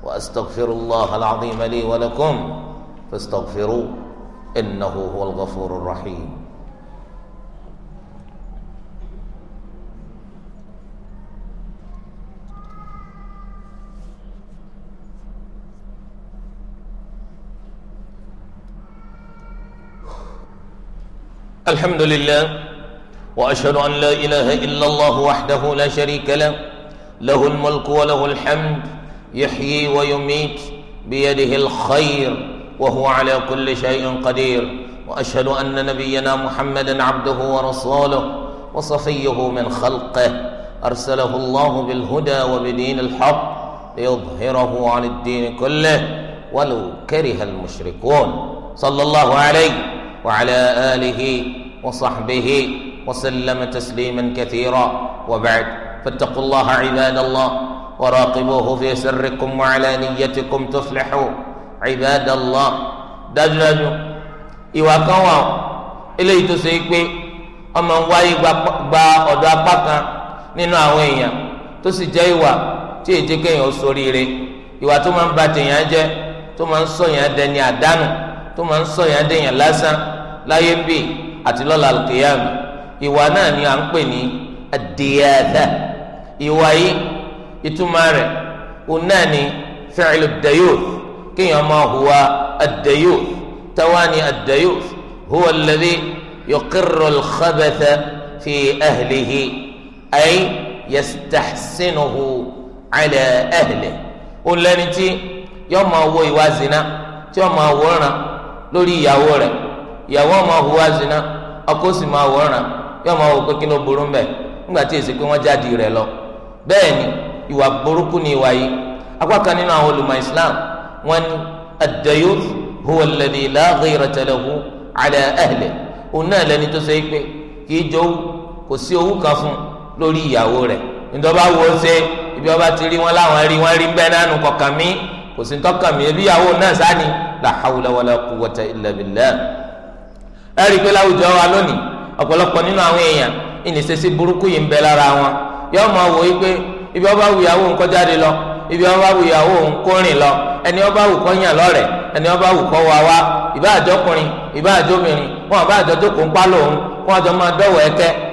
wa astaghfirullah al-azim li wa lakum fastaghfiru innahu rahim. الحمد لله واشهد ان لا اله الا الله وحده لا شريك له له الملك وله الحمد يحيي ويميت بيده الخير وهو على كل شيء قدير واشهد ان نبينا محمدا عبده ورسوله وصفيه من خلقه ارسله الله بالهدى وبدين الحق ليظهره عن الدين كله ولو كره المشركون صلى الله عليه وعلى آله وصحبه وسلم تسليما كثيرا وبعد فاتقوا الله عباد الله وراقبوه في سركم وعلانيتكم تفلحوا عباد الله dájúdájú ìwà kan wà eléyìí tó ṣe é pé ọmọ ń wáyé gba ọ̀dọ̀ apá kan nínú àwọn èèyàn tó sì jẹ́ ìwà tí èjì kéèyàn ṣoríire ìwà tó máa ń ba tèèyàn jẹ́ tó máa ń sọ yàn dẹni àdánù tó máa ń sọ yàn dẹ̀yàn lásán láyé ń bì àti lọ́la alkiyami ìwà náà ni à ń pè ní adìyàdà ìwà yìí ìtumọ̀ rẹ̀ òun náà ni fi'lu dayuth kéèyàn máa hùwà ad-dayuth tawani ad-dayuth huwa alladhi yuqirru al-khabatha fi ahlihi ay yastahsinuhu ala ahlihi òun lẹni tí yọ máa wo ìwà zina tí yọ máa wòran lórí ìyàwó rẹ̀ ìyàwó ọmọ hùwà zina ọkọ sì máa wọ̀ràn yóò máa wò pé kí ló burú mbẹ nígbà tí èsì pé wọ́n jáde rẹ̀ lọ bẹ́ẹ̀ ni ìwà burúkú ni ìwà yìí apá kan nínú àwọn olùmọ̀ islam wọ́n ní ad huwa alladhi la ghayrata lahu ala ahli òun náà lẹni tó ṣe pé kì í jowú kò sí owú kan fún lórí ìyàwó rẹ̀ ìjọba wo ṣe ibi ọba ti rí wọn láwọn rí wọn rí bẹ́ẹ̀ náà nù kò sí tọ́kàn ebi ìyàwó náà sáni la hawla wala quwwata ẹ rí i pé láwùjọ wa lónìí ọ̀pọ̀lọpọ̀ nínú àwọn èèyàn ìníṣẹ́sí burúkú yìí ń bẹ lára wọn yóò máa wò wípé ibi ọba wù ìyàwó òun kó jáde lọ ibi ọba wù ìyàwó òun kó rìn lọ ẹni ọba wù kó yàn ẹni ọba wù kó wá wá ìbá àjọkùnrin ìbá àjọmìnrin wọn àbá àjọjókòó ń pálọ̀ òun wọn àjọ máa dọ́wọ̀ ẹ̀kẹ́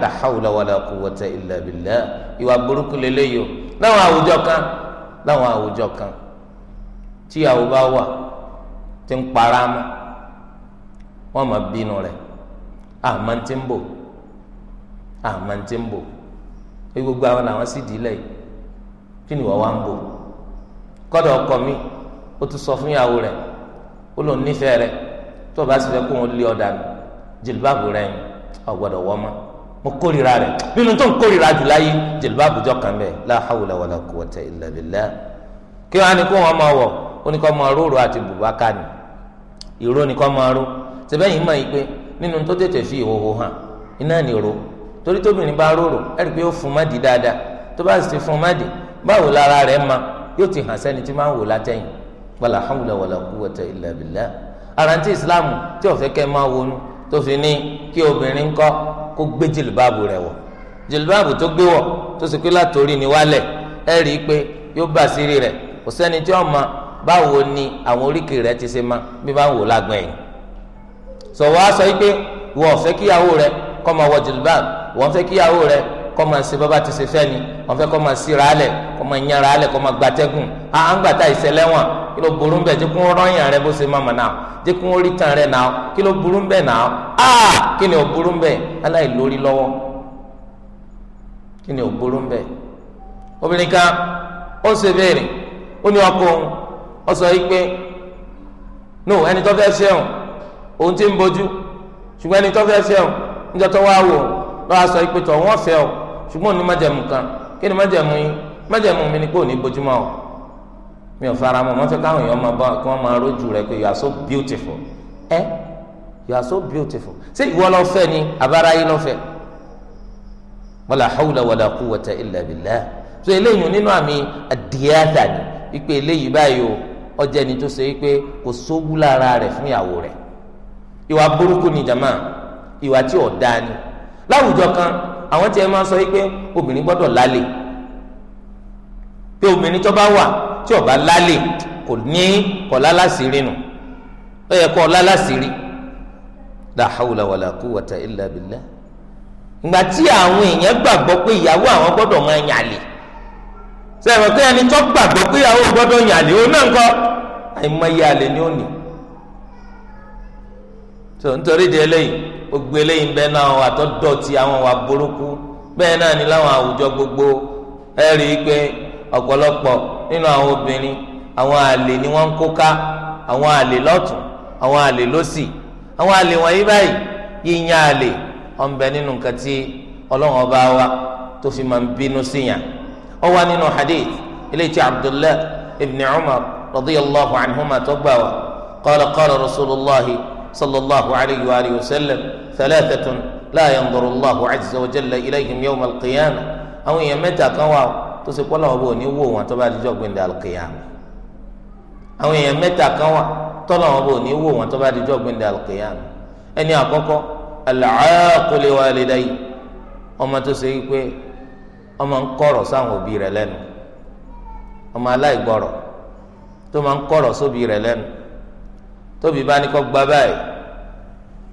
la hawla wala quwwata illa billah ìwà burúkú lélẹ́yìí o láwọn àwùjọ kan láwọn àwùjọ kan tíyàwó bá wà tí ń para mọ́ wọ́n máa bínú rẹ̀ àmọ́ tí ń bò àmọ́ tí ń bò ewu gbogbo àwọn làwọn sì dì í lẹ́yìn kí ni wọ́n wá ń bò kọ́dọ̀ ọkọ mi ó tún sọ fún ìyàwó rẹ̀ ó lòun nífẹ̀ẹ́ rẹ̀ tó o bá sì fẹ́ kó wọn lé ọ̀dà jìlbáàbù rẹ̀ ọ̀gbọ́dọ̀ wọ́n mọ́ mo kórìíra rẹ̀ nínú tó ń kórìíra jù láyé jìlbá àbújọ kan bẹ́ẹ̀ la hawla wala quwwata illa billah kí wọ́n á ní kó wọn máa wọ̀ ó ní kó máa róró àti bùbákà ni ìró ni kó máa ró sẹ́bẹ̀yìn mọ̀ yìí pé nínú tó tètè fi ìhòhò hàn iná ni ro torí tóbìnrin bá róró ẹ̀rí pé ó fún má di dáadáa tó bá ti fún má báwo lára rẹ̀ ma yóò ti hàn sẹ́ni tí máa ń wò látẹ̀yìn wala hawla wala quwwata illa àrántí kó gbé jìlìbáàbù rẹ̀ wọ̀ jìlìbáàbù tó gbé wọ̀ tó sì pé látòrí ni wálẹ̀ ẹ rí i pé yóò bá sírí rẹ̀ kò sẹ́ni tí wọ́n mọ báwo ni àwọn oríkèé rẹ̀ ti ṣe ma bí wọ́n wò lágbọn yìí sọ̀wọ́ á sọ pé wọ́n fẹ́ kíyàwó rẹ̀ kó máa wọ jìlìbáàbù wọ́n fẹ́ kíyàwó rẹ̀ kó máa ṣe bàbá ti ṣe fẹ́ ni wọ́n fẹ́ kó máa síra alẹ̀ kó máa yànra alẹ̀ kó máa gbatẹ́gùn à ń gbàtà wọn kí ló burú bẹ́ẹ̀ jẹ́ kó rọ́yìn rẹ bó ṣe máa mọ̀ náà jẹ́ kó rí tan rẹ náà kí ló burú bẹ́ẹ̀ náà ah! kí ni ò burú bẹ́ẹ̀ aláìlórí lọ́wọ́ kí ni ò burú bẹ́ẹ̀ obìnrin kan ó ṣe béèrè ó ní ọkọ òun ó sọ yìí pé no ẹni tó fẹ́ òun ti ń bojú ṣùgbọ́n ẹni tó fẹ́ mi ò fara mọ́ mọ́tò káwọn èèyàn máa bá kí wọ́n máa rójú rẹ pé you are so beautiful ẹ eh? you are so beautiful ṣé ìwọ lọ fẹ́ ni abáráyé lọ fẹ́ wala hawla wala quwwata illa billah so eléyìí nínú àmì àdìyàtà ni wípé eléyìí báyìí o ọjà ẹni tó ṣe wípé kò sóbú lára rẹ fún ìyàwó rẹ ìwà burúkú ni jàmá ìwà tí ò dáa ni láwùjọ kan àwọn tí ẹ máa sọ wípé obìnrin gbọ́dọ̀ lálẹ́ pé obìnrin tó bá wà tí ọba lálẹ́ kò ní kọ lálásìírí nù ó yẹ kọ lálásìírí la hawla wala quwwata illa billah ìgbà tí àwọn èèyàn gbàgbọ́ pé ìyàwó àwọn gbọ́dọ̀ máa yàn sẹ́yìn ẹni tó gbàgbọ́ pé ìyàwó gbọ́dọ̀ ó náà ń kọ́ ni ó nì tó nítorí di eléyìí gbogbo eléyìí ń bẹ náà àwọn wà gbogbo nínú àwọn obìnrin àwọn àlè ni wọ́n ń kó ká àwọn àlè lọ́tún àwọn àlè lọ́sì àwọn àlè wọ̀nyí báyìí yíyan àlè ọ̀nbẹ nínú nǹkan tí ọlọ́run ọba wa tó fi máa ń bínú síyàn ó wá nínú hadith eléyìí tí abdullahi ibn umar radiyallahu anhuma tó gbà wá qala qala rasulullahi sallallahu alayhi wa alihi wa sallam thalathatun la yanzuru allahu azza ilayhim yawma alqiyama àwọn èèyàn mẹ́ta kan wà ó tó ṣe pọ́lọ́ ọba òní wò wọn tó bá dijọ́ gbẹ̀ndẹ̀ alùkìyàm àwọn èèyàn mẹ́ta kan wà tọ́lọ́ ọba òní wò wọn tó bá dijọ́ gbẹ̀ndẹ̀ alùkìyàm ẹni àkọ́kọ́ al-aaqil li walidayhi ọmọ tó ṣe wípé ọmọ ń kọ̀rọ̀ sáwọn òbí rẹ̀ lẹ́nu ọmọ aláìgbọ̀rọ̀ tó máa ń kọ̀rọ̀ sóbi rẹ̀ lẹ́nu tóbi bá ní kó gba báyìí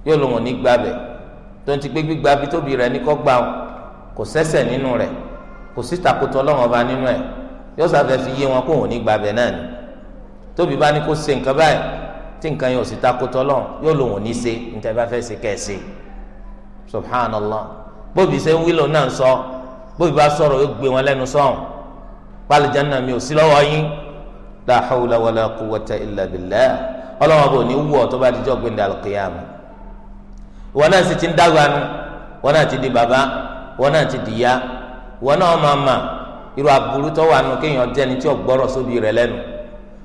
yóò lóun ò ní gbabẹ̀ tó ń ti pé gbígbabi tóbi rẹ̀ ní kó gbà kò sẹ́sẹ̀ nínú rẹ̀ kò sí takotọ Ọlọ́run ọba nínú ẹ̀ yóò sáfẹ́ fi yé wọn kó òun ní gbàbẹ̀ náà ni tóbi bá ní kó ṣe nǹkan báyìí tí nǹkan yẹn ò sí takotọ Ọlọ́run yóò lòun ò ní ṣe níta bá fẹ́ ṣe kẹ́ẹ̀ṣe subhanallah bóbi ṣe ń wílò náà sọ bóbi bá sọ̀rọ̀ yóò gbé wọn lẹ́nu sọ̀hún pálíjánná mi ò sí lọ́wọ́ yín la hawla wala quwwata illa billah Ọlọ́run bò ní wú ọ tó bá dijọ́ gbẹ̀ndẹ̀ alùkìyàmù wọn náà sì ti ń dàgbà nu wọn náà ti di bàbá wọn náà ti di ya ìwọ náà máa mà irú aburú tó wà nù kéèyàn jẹni tí ò gbọ́rọ̀ sóbi rẹ̀ lẹ́nu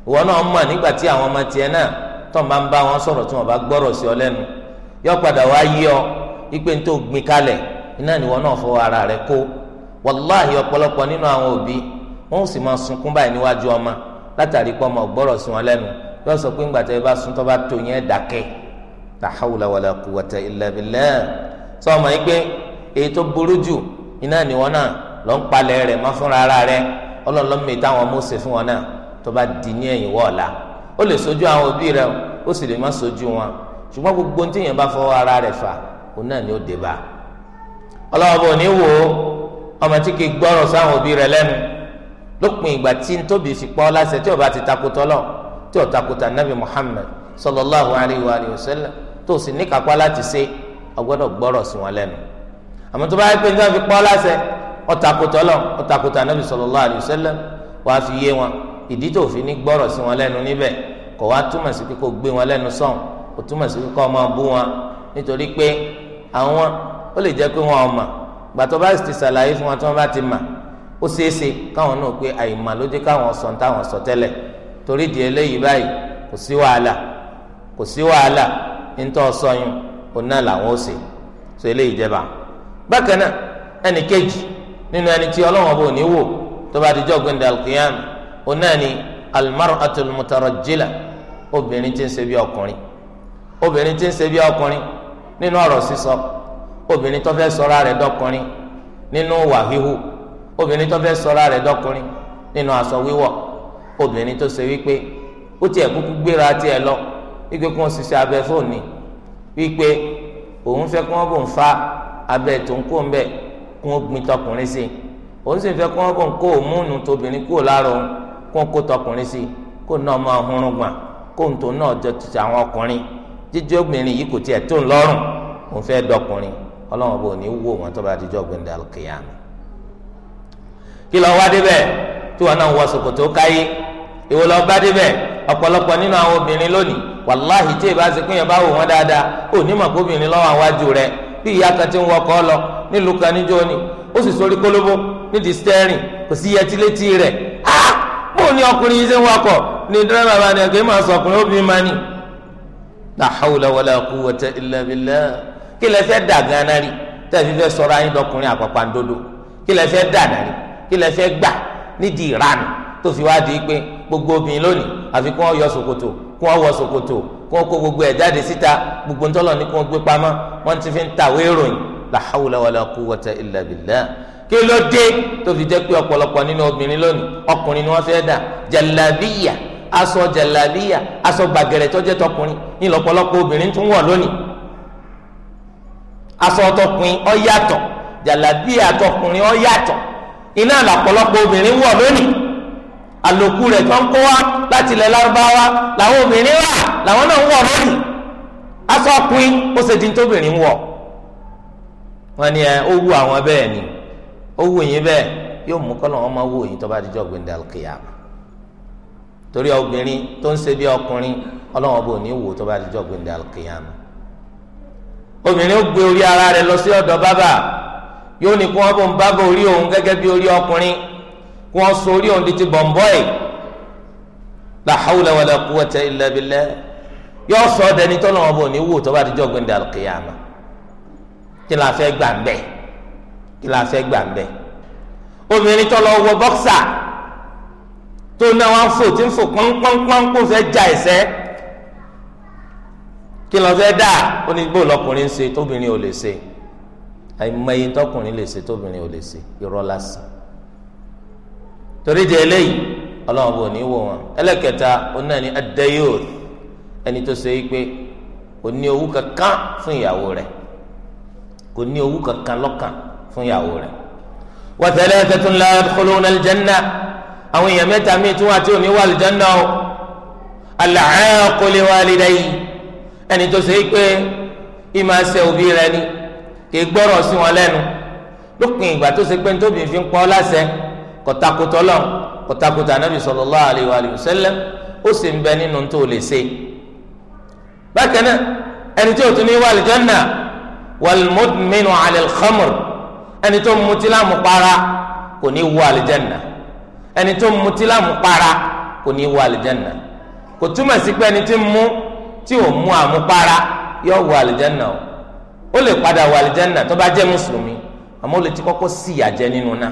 ìwọ náà mà nígbà tí àwọn ọmọ tiẹ̀ náà tó ń bá ń bá wọn sọ̀rọ̀ tí wọn bá gbọ́rọ̀ sí ọ lẹ́nu yọ padà wá yí ọ ipe tó gbin kalẹ̀ iná ni ìwọ náà fọwọ́ ara rẹ̀ kó wàláhì ọ̀pọ̀lọpọ̀ nínú àwọn òbí wọn ò sì máa sunkún báyìí níwájú ọmọ látàrí pé ọmọ gbọ́rọ̀ sí wọn lẹ́nu yọ sọ pé ńgbà tẹ́ sun tó bá tó yẹn dákẹ́ la hawla wala sọ ma yìí pé èyí tó burú jù iná ni wọn náà lọ ń palẹ̀ rẹ̀ má fúnra ara rẹ̀ ọlọ́ọ̀lọ́mọ ìtàwọn ọmọ ṣe fún wọn náà tó bá di ní ẹ̀yìn wọ́ọ̀la ó lè sojú àwọn òbí rẹ̀ ó sì lè má sojú wọn ṣùgbọ́n gbogbo tí èèyàn bá fọwọ́ ara rẹ̀ fà òun náà ni ó dé bá ọlọ́wọ́ bò ní wò ó ọmọ tí kì í gbọ́rọ̀ sáwọn òbí rẹ̀ lẹ́nu lópin ìgbà tí ntóbi fi pọ́ láṣẹ tí ó ti takotọ́ tí ó takotọ́ anabi Muhammad sallallahu alayhi wa sallam tó sì ní kápá láti ṣe ó gbọ́rọ̀ sí wọn lẹ́nu àmọ́ tó bá yẹ pé nígbà fi pọ́ láṣẹ ọ̀tàkùtà lọ ọ̀tàkùtà nàbì sallallahu alaihi wasallam wàá fi yé wọn ìdí tó fi ní gbọ́rọ̀ sí wọn lẹ́nu níbẹ̀ kò wá túmọ̀ sí pé kò gbé wọn lẹ́nu sàn kò túmọ̀ sí pé kò máa bú wọn nítorí pé àwọn ó lè jẹ́ pé wọn ò mà gbàtọ́ bá ti ṣàlàyé fún wọn tí wọ́n bá ti mà ó ṣeéṣe káwọn náà pé àìmà ló dé káwọn sọ táwọn sọ tẹ́lẹ̀ torí di eléyìí báyìí kò sí wàhálà kò sí wàhálà ní tó sọyún òun náà làwọn ó ṣe so eléyìí jẹba bákan náà ẹnì kejì nínú ẹni tí ọlọ́wọ́n bò ní wò tó bá dijọ́ gbẹ̀ndẹ̀ alqiyam òun náà ni almar'atul mutarajjila obìnrin tí ń ṣe bí ọkùnrin obìnrin tí ń ṣe bí ọkùnrin nínú ọ̀rọ̀ sísọ obìnrin tó fẹ́ sọra rẹ̀ dọkùnrin nínú wà híhù obìnrin tó fẹ́ sọra rẹ̀ dọkùnrin nínú aṣọ wíwọ̀ obìnrin tó ṣe wípé ó tiẹ̀ kúkú gbéra tiẹ̀ lọ wípé kó ń ṣiṣẹ́ abẹ fóònù wípé òun fẹ́ kó wọ́n bò ń fa abẹ́ tó ń kó ń bẹ̀ kó ń gbin tọkùnrin sí i òun sì fẹ́ kó wọn kó ń kó òmùnú tóbìnrin kó láàrọ̀ kó ń kó tọkùnrin sí i kó náà máa gbà kó ń tó náà jọ ti àwọn ọkùnrin jíjẹ́ obìnrin yìí kò tiẹ̀ tó ń lọ́rùn òun fẹ́ dọkùnrin ọlọ́run bò ní wò tó bá kí lọ wá débẹ̀ tí bí ìyá kan ti ń wọkọ̀ lọ nílùú kan níjọ́ ni ó sì sorí kólóbó nídìí stẹ́rìn kò sí yẹtí létí rẹ̀ á bó ni ọkùnrin yìí ṣe ń wakọ̀ ni dírẹ́bà bá ní ẹ̀kọ́ yìí máa sọ ọkùnrin ó bí ma ní. la hawla wala quwwata illa kí lẹ fẹ́ dà gánà rí tẹ́ẹ̀fì fẹ́ sọ̀rọ̀ ayé dọkùnrin àpàpàǹdodo kí lẹ fẹ́ dà nà rí kí lẹ fẹ́ gbà nídìí ìranù tó fi wá di pé gbogbo obìnrin lónìí àfi ọ kó kó gbogbo ẹ̀ jáde síta gbogbo ntọ́lọ̀ ní kó gbé pamọ́ wọ́n ti fi ń tàwé ìròyìn la hawla wala quwwata illa billah kí ló dé tó fi jẹ́ pé ọ̀pọ̀lọpọ̀ nínú obìnrin lónìí ọkùnrin ni wọ́n fẹ́ dà jalabiya aṣọ jalabiya aṣọ gbàgẹ̀rẹ̀ tó jẹ́ tọkùnrin ní lọ́pọ̀lọpọ̀ obìnrin tún wọ̀ lónìí aṣọ tọkùnrin ó yàtọ̀ tọkùnrin ó iná lọ́pọ̀lọpọ̀ obìnrin wọ̀ lónìí àlòkù rẹ̀ tó ń kó wá láti ilẹ̀ lárúbáwá làwọn obìnrin wà làwọn náà ń wọ̀ lónìí aṣọ ọkùnrin ó ṣe di tóbìnrin wọ̀ wọ́n ní ẹ ó wù àwọn bẹ́ẹ̀ ni ó wù yín bẹ́ẹ̀ yóò mú kọ́ lọ́wọ́ máa wù yín tó bá di jọ́ gbẹ̀ndẹ̀ alkiyama torí obìnrin tó ń ṣe bí ọkùnrin ọlọ́wọ́n bò ní wò tó bá di jọ́ gbẹ̀ndẹ̀ alkiyama obìnrin ó gbé orí ara rẹ̀ lọ sí ọ̀dọ̀ bábà yóò ní kí wọ́n bò ń bábà orí òun gẹ́gẹ́ bí orí ọkùnrin kí wọ́n so orí òun di ti bọ̀m̀bọ̀ yìí la hawla wala quwwata illa billah yóò sọ dẹni tọ́nà wọn bò ní wò tó bá ti jọ gbẹ̀ndẹ̀ alqiyama kí la fẹ́ gbà mbẹ́ kí la fẹ́ gbà mbẹ́ obìnrin tọ́lọ wọ bọ́ksà tó náà wọn fò tí ń fò pọ́npọ́npọ́n kó fẹ́ ja ẹ̀sẹ́ kí fẹ́ dà ó lọkùnrin ṣe tóbìnrin ò lè ṣe àìmọye tọkùnrin lè ṣe tóbìnrin ò lè ṣe irọ́ lásán torí di eléyìí ọlọ́run bò ní wò wọn ẹlẹ́kẹta oná ni adayor ẹni tó ṣe é pé kò ní owó kankan fún ìyàwó rẹ̀ kò ní owó kankan lọ́kàn fún ìyàwó rẹ̀ wa thalathatun la yadkhuluna aljanna àwọn èèyàn mẹ́ta míì tí wọ́n àti wà aljanna o al-aaqu li walidayhi ẹni tó ṣe é pé ìmọ̀ ẹsẹ̀ òbí rẹ̀ ni kì í gbọ́rọ̀ sí wọn lẹ́nu lópin ìgbà tó ṣe pé nítòbí fi ń pọ́ láṣẹ kọtakùtọ lọ kọtakùtọ anabi sallallahu alayhi wa sallam ó sì ń bẹ nínú tó lè ṣe bákan náà ẹni tí ó tún ní wàlí janna wàlmúdmínú alẹ́ xamur ẹni tó mutí láàmú para kò ní wàlí janna ẹni tó mutí láàmú para kò ní wàlí janna kò túmọ̀ sí pé ẹni tí mú tí ò mú àmupara yóò wọ àlìjáná o ó lè padà wọ àlìjáná tó bá jẹ́ mùsùlùmí àmọ́ ó lè ti kọ́kọ́ sí ìyàjẹ́ nínú náà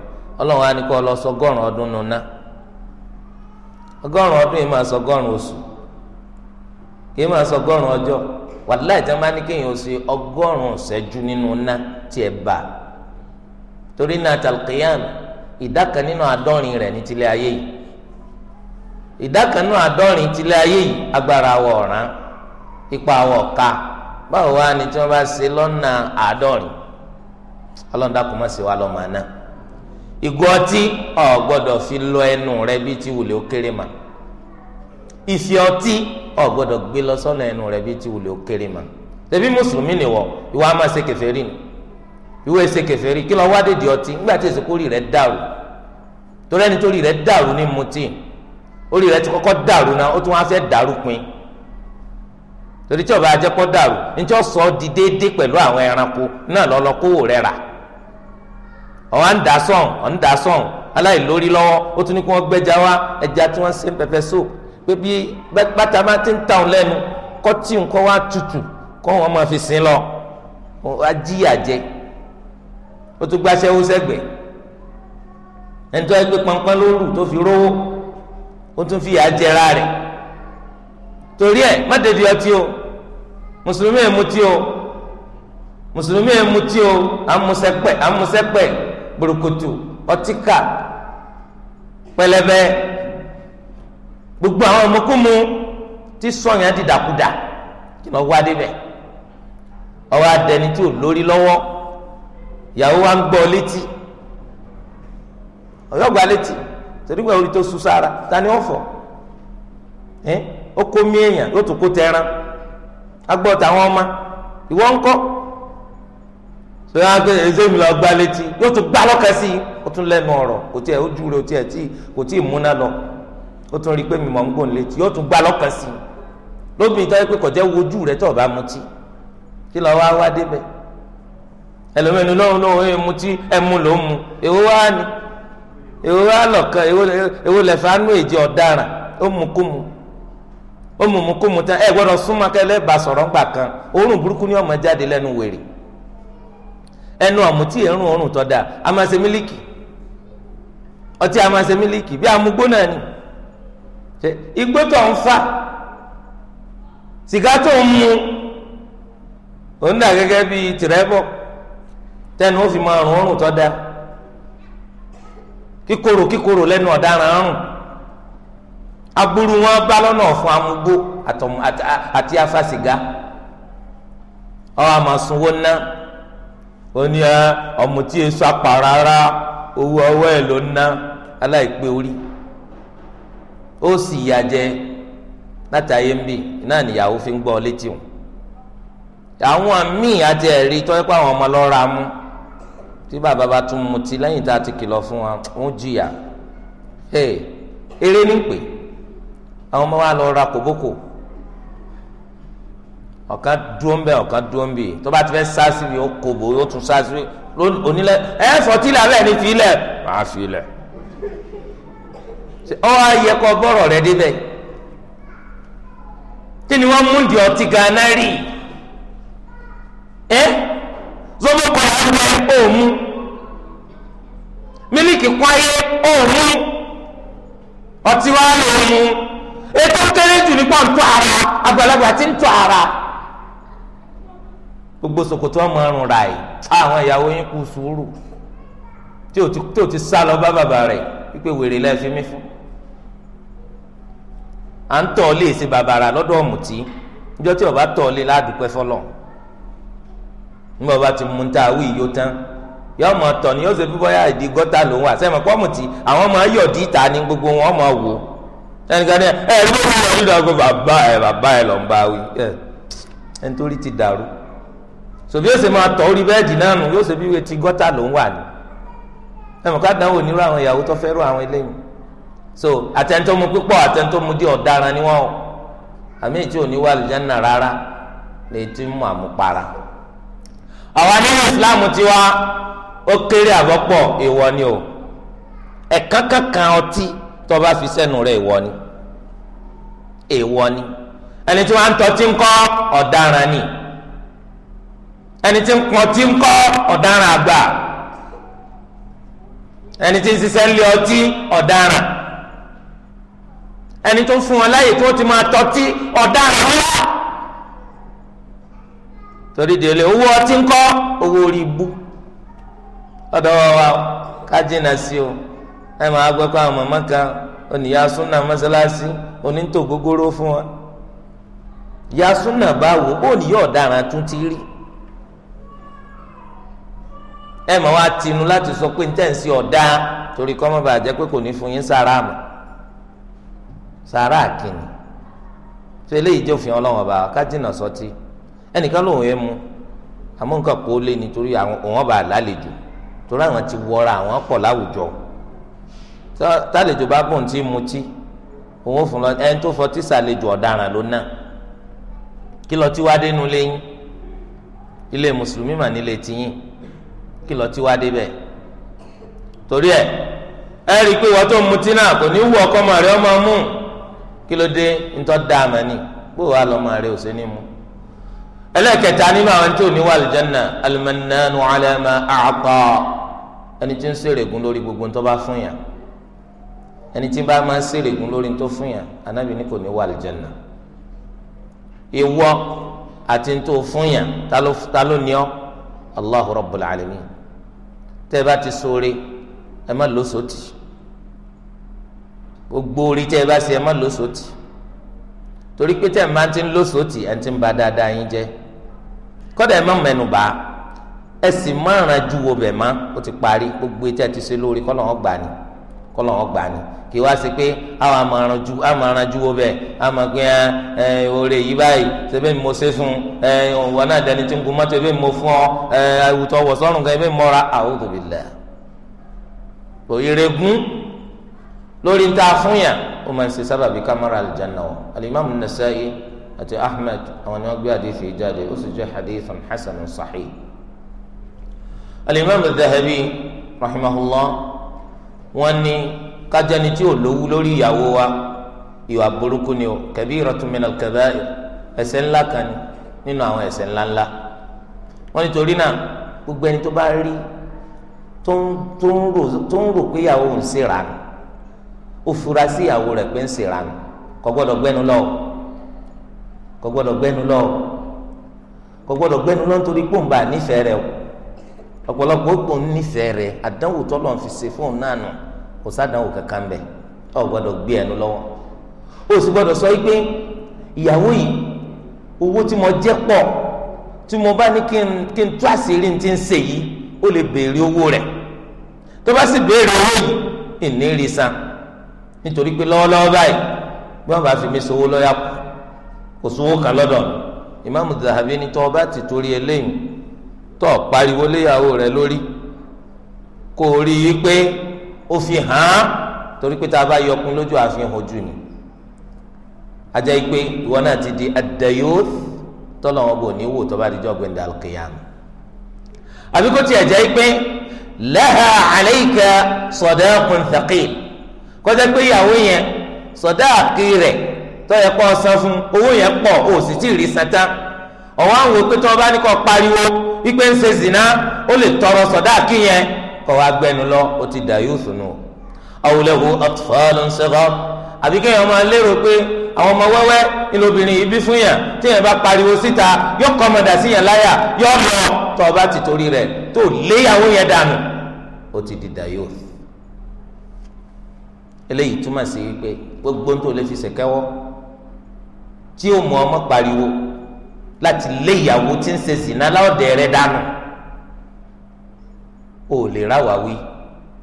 ọlọ́run á ní kó lọ sọgọ́rùn ọdún nùnà ọgọ́rùn ọdún yìí máa sọgọ́rùn oṣù máa sọgọ́rùn ọjọ́ wàdúrà ìjà ní kéèyàn ṣe ọgọ́rùn ọ̀sẹ́jú nínú ná bá torí náà talqiyam ìdá kan nínú rẹ̀ ní ayé yìí ìdá kan nínú ayé yìí agbára ọ̀ràn ipa ọ̀ka báwo wá ni tí wọ́n bá ìgò ọtí ọ gbọ́dọ̀ fi lọ ẹnu rẹ bí ti wùlé ó kéré mà ife ọtí ọ gbọ́dọ̀ gbé lọ sọ́nà ẹnu rẹ bí ti wùlé ó kéré mà tẹbi mùsùlùmí nìwọ ìwọ a máa ṣe kèfèrí ni ìwọ ẹsẹ kèfèrí kí lọ wá dèdè ọtí nígbà tí èsì kórì rẹ dàrú torí ẹni torí rẹ dàrú ní mutí orí rẹ ti kọ́kọ́ dàrú náà ó tún wá fẹ́ dàrú pin torí tí ọba ajẹpọ dàrú ní tí ó sọ ọ di déédéé pẹ̀lú àwọn ẹranko náà lọlọ kówó rẹ rà ọwọ à ń dà sọ̀n ọ̀ ń dà sọ̀n aláìlórí lọ́wọ́ ó tún ní kí wọ́n gbẹ́ja wá ẹja tí wọ́n ń ṣe pẹpẹ soup pé bí bàtà máa ti ń ta òun lẹ́nu kọ́ tí nǹkan wá tutù kọ́ wọn máa fi sin lọ ajíyà jẹ ó tún gbàṣẹ́ wó sẹ́gbẹ̀ ẹni tó ẹgbẹ́ pọnpọ́n lóru tó fi rówó ó tún fi yà jẹra torí ẹ má dédìí ọtí o mùsùlùmí ẹ̀ mutí o mùsùlùmí ẹ̀ mutí o àmùsẹ̀pẹ̀ àmùsẹ̀pẹ̀. burúkutu ọtíkà pẹlẹbẹ gbogbo àwọn ọmọkùnmu ti sọyàn dìdàkudà kí lọ wá débẹ ọwọ adẹni tí ò lórí lọwọ ìyàwó wa ń létí ọyọgba létí torí pé orí tó sùn sára ta ni wọn fọ ẹ ó kó mí èèyàn yóò tún kó tẹran agbọ́ta sọlá pé ẹsẹ mi lọ gbá létí yóò tún gbá lọ́kàn sí i ó tún lẹ́nu ọ̀rọ̀ kò tiẹ̀ ó ju rẹ̀ tí kò tí ì múná lọ ó tún rí i pé mi mọ̀ ń gbòòn létí yóò tún gbá sí i lóbìnrin tó yẹ pé kọjá rẹ̀ tó o bá mutí kí lọ wá wá débẹ̀ ẹlòmínú mutí ló èwo wá ni èwo wá ẹnu amuti ẹ̀rùn ọ̀rùn tọ́ da miliki. máa ṣe mílíkì ọtí a máa ṣe bí amúgbó náà ni igbó tó ń fa sìgá tó ń mu òun dà gẹ́gẹ́ bí tìrẹ́bọ̀ tẹ́nu ó fi máa rùn ọ̀rùn tọ́ da kíkorò kíkorò lẹ́nu ọ̀daràn ọ̀rùn aburú wọn bá lọ́nà ọ̀fun amúgbó àti afásìgá ọ̀ àmọ̀ sunwó náà ó ní ah, ọmọ tí èso apà rárá owó ọwọ ẹ̀ ló ná aláìpé orí ó sì yà jẹ látàyé ń bì náà nìyàwó fi ń gbọ́ létí àwọn míì àti ẹ̀rí àwọn ọmọ lọ́ra mú tí bàbá bá tún mutí lẹ́yìn tá a ti kìlọ̀ fún wa wọ́n jìyà eré ní pè àwọn ọmọ wa lọ kòbókò. ọ̀kan dúró ń bẹ̀ ọ̀kan dúró ń bì tó bá ti fẹ́ sáàsì bí ó kò bò ó tún sáàsì onílẹ̀ ẹ fọtílẹ̀ abẹ́ ní filẹ̀ máa filẹ̀ ọ wá yẹ kọ bọ́rọ̀ rẹ débẹ̀ kí ni wọ́n mú di ọtí gánà rí ẹ zọ́bọ̀ kọ́ ẹ̀ ọ́ mú mílíkì kwáyé ọ́ mú ọtí wá ló mú ètò kéré jù ní pọ̀ ń ara àgbàlagbà ti ń ara gbogbo ṣòkòtò ọmọ ọrùn rà yìí àwọn ìyàwó yín kú sùúrù tí o ti sá lọ bá bàbá rẹ̀ wípé wèrè lẹ́ẹ̀fi mí fún à ń tọ̀ lé ṣe bàbàrà lọ́dọ̀ ọ̀mùtí níjọ́ tí ọba tọ̀ lé ládùúpẹ́ fọlọ́ nígbà ọba ti mú ta awí yóò tán yóò mọ tọ̀ ni yóò ṣe bíbọ́ yá ìdí gọ́tà lòun àti ẹ̀mọ̀ pọ́mùtí àwọn ọmọ ayọ̀ dí ìta ni gbogbo wọn ọmọ wò ẹnìkan ẹ ẹ ló ń wọ nínú ọgbọ bàbá ẹ bàbá ẹ lọ ń bá wí ẹ ẹ nítorí ti dàrú sòbí ó sì máa tọ̀ orí bẹ́ẹ̀dì náà nù yóò ṣe bí wetí gọ́tà ló ń wà ní ẹ̀mọ́ ká dánwò nírú àwọn ìyàwó tó fẹ́ àwọn eléyìí so àtẹ̀ntó mu púpọ̀ àtẹ̀ntó mu ọ̀daràn ni wọ́n àmì tí ò ní wà lùjánà rárá lè ti mú àmupara àwa nínú ìsìláàmù tiwa ó kéré àbọ̀pọ̀ ìwọ ni o ẹ̀kan kankan ọtí tó bá fi sẹ́nu rẹ̀ ìwọ ni ìwọ ni ẹni tí wọ́n á ń ni ẹni tí ń kún ọtí ń kọ́ ọ̀daràn àgbà ẹni tí ń ṣiṣẹ́ ń lé ọtí ọ̀daràn ẹni tó fún wọn láyè tó ti máa tọ́tí ọ̀daràn ńlá torí délé owó ọtí ń kọ́ owó orí ibú ọ̀dọ̀ wa ká jìnnà sí o ẹ máa gbọ́ pé àwọn màmá kan oníyà mọ́sálásí onítògógóró fún wa yà báwo ó níyà ọ̀daràn tún ti rí ẹ máa wá tinú láti sọ pé ntẹ̀sí ọ̀dá torí kọ́ mọ́ bàa jẹ́ pé kò ní fún yín sára mọ́ sára kìnnì tó eléyìí jẹ́ òfin ọlọ́wọ́n bá kájínà sọtí ẹnìkan lòun yẹn mu àmọ́ nǹkan kó lé nítorí àwọn bá lálejò torí àwọn ti wọra àwọn pọ̀ láwùjọ tálejò bá bùn tí mutí òun fún lọ ẹni tó fọ tí sàlejò ọ̀daràn ló náà kí lọ tí wá dénú lẹ́yìn ilé mùsùlùmí mà nílé tiyín kí lọ tí wá débẹ̀ torí ẹ ẹ rí i pé ìwọ tó ń mutí náà kò ní wú ọkọ ọmọ rẹ ọmọ mú kí ló dé ntọ́ da àmà ni bó wàá lọ́mọ rẹ ò sí ní mu ẹlẹ́kẹta nínú àwọn tí ní wà lùjánà alimannanu alama àpá ẹni tí ń sèrègùn lórí gbogbo ntọ́ bá fún yàn ẹni tí bá máa ń sèrègùn lórí ntọ́ fún yàn anábì ní kò ní wà lùjánà ìwọ àti ntọ́ fún yàn ta ló allahu rabbul alamin tẹ́ ẹ bá ti ṣoore ẹ má lò sóòtì gbogbo orí tẹ́ ẹ bá ṣe ẹ má lò sóòtì torí pé tẹ́ ẹ máa ti ń lò sóòtì ẹ ti ń ba dáadáa yín jẹ́ kódà ẹ má mẹ́nu bá ẹ sì má ràn ju wo bẹ̀ má ó ti parí gbogbo etí ẹ ti ṣe lórí kọ́ lọ́wọ́ gbà ní kọ́ lọ́wọ́ gbà ní kì í wá sí pé àwọn amaranju amaranju wo bẹ amagbẹ́ ẹ òrè yìí báyìí ṣẹbẹ́ mi mo ṣe fún ẹ eh, wọn náà dẹni tí ń gun mọ́tò ẹbẹ́ mi mo fún ọ ẹ eh, àwùjọ wọ̀sọ́rùn kan ẹbẹ́ mi mọ́ra a'udhu billah kò ìrègùn lórí ń ta fún yà ó máa ń ṣe sábàbí kámẹ́rà àlìjáná wọn alimami nasa'i àti ahmed àwọn ni wọn gbé àdéhìí jáde ó sì jẹ hadithan hasan sahih alimami dahabi rahimahullah wọn ní kájẹni tí ò lówú lórí ìyàwó wa ìwà burúkú ni o kabiratun minal kaba'ir ẹ̀ṣẹ̀ ńlá kan ni nínú àwọn ẹ̀ṣẹ̀ ńlá ńlá wọn nítorí náà gbogbo ẹni tó bá rí tó ń rò pé ìyàwó ń ṣèrà nù ó fura sí ìyàwó rẹ̀ pé ń ṣèrà nù kò gbọ́dọ̀ gbẹ́nu lọ kò gbọ́dọ̀ gbẹ́nu lọ kò gbọ́dọ̀ gbẹ́nu lọ nítorí pòǹba nífẹ̀ẹ́ rẹ̀ o ọ̀pọ̀lọpọ̀ ó pòǹ nífẹ̀ẹ́ rẹ̀ àdánwò tọlọ ń fi ṣe fóun náà nù. No kò sádàáwò kankan bẹ ọ gbọdọ gbé ẹnu lọwọ o sì gbọ́dọ̀ sọ pé ìyàwó yìí owó tí mo jẹ pọ̀ tí mo bá ní kí n tú àṣírí ti ń ṣe yìí ó lè béèrè owó rẹ tó bá sì béèrè owó yìí ìní rí san nítorí pé lọ́wọ́lọ́wọ́ báyìí bí wọ́n bá fi mi sowó lọ́yà kù kò sówó kan lọ́dọ̀ ìmáàmù Zahabi ní tọ́ ọ ti torí eléyìí tọ́ pariwo léyàwó rẹ lórí kò rí i pé. ó fi hàn án torí pé tá a bá yọkun lójú àfihàn ojú ni ajá yìí pé ìwọ náà ti di adayoth tọ́lọ̀ wọn bò ní wò tó bá di jọ́ gbẹ̀ndà alkiyam àbí tiẹ̀ jẹ́ pé laha sọ̀dá sadaqun thaqil kọjá pé ìyàwó yẹn rẹ̀ tọ́yẹ kọ́ san fún owó yẹn pọ̀ ó sì ti rí bá ní kọ́ pariwo wípé ń ṣe zina ó lè tọrọ sọdáàkì kọ́ wa gbẹ́nu lọ ó ti dà yóò sùn nù awulahu atfalun saghar àbí kéèyàn máa lérò pé àwọn ọmọ wẹ́wẹ́ nínú obìnrin yìí bí fún yàn tí yàn bá pariwo síta yóò kọ́ ọmọdà sí yàn láyà yóò lọ tó o bá ti torí rẹ̀ tó léyàwó yẹn dànù ó ti di dà yóò sùn eléyìí túmọ̀ sí wípé gbogbo tó lè fi ṣèkẹ́wọ́ tí ó mú ọmọ pariwo láti lé ìyàwó tí ń ṣe zìnnà láòdè rẹ̀ dànù o lè ráwa wí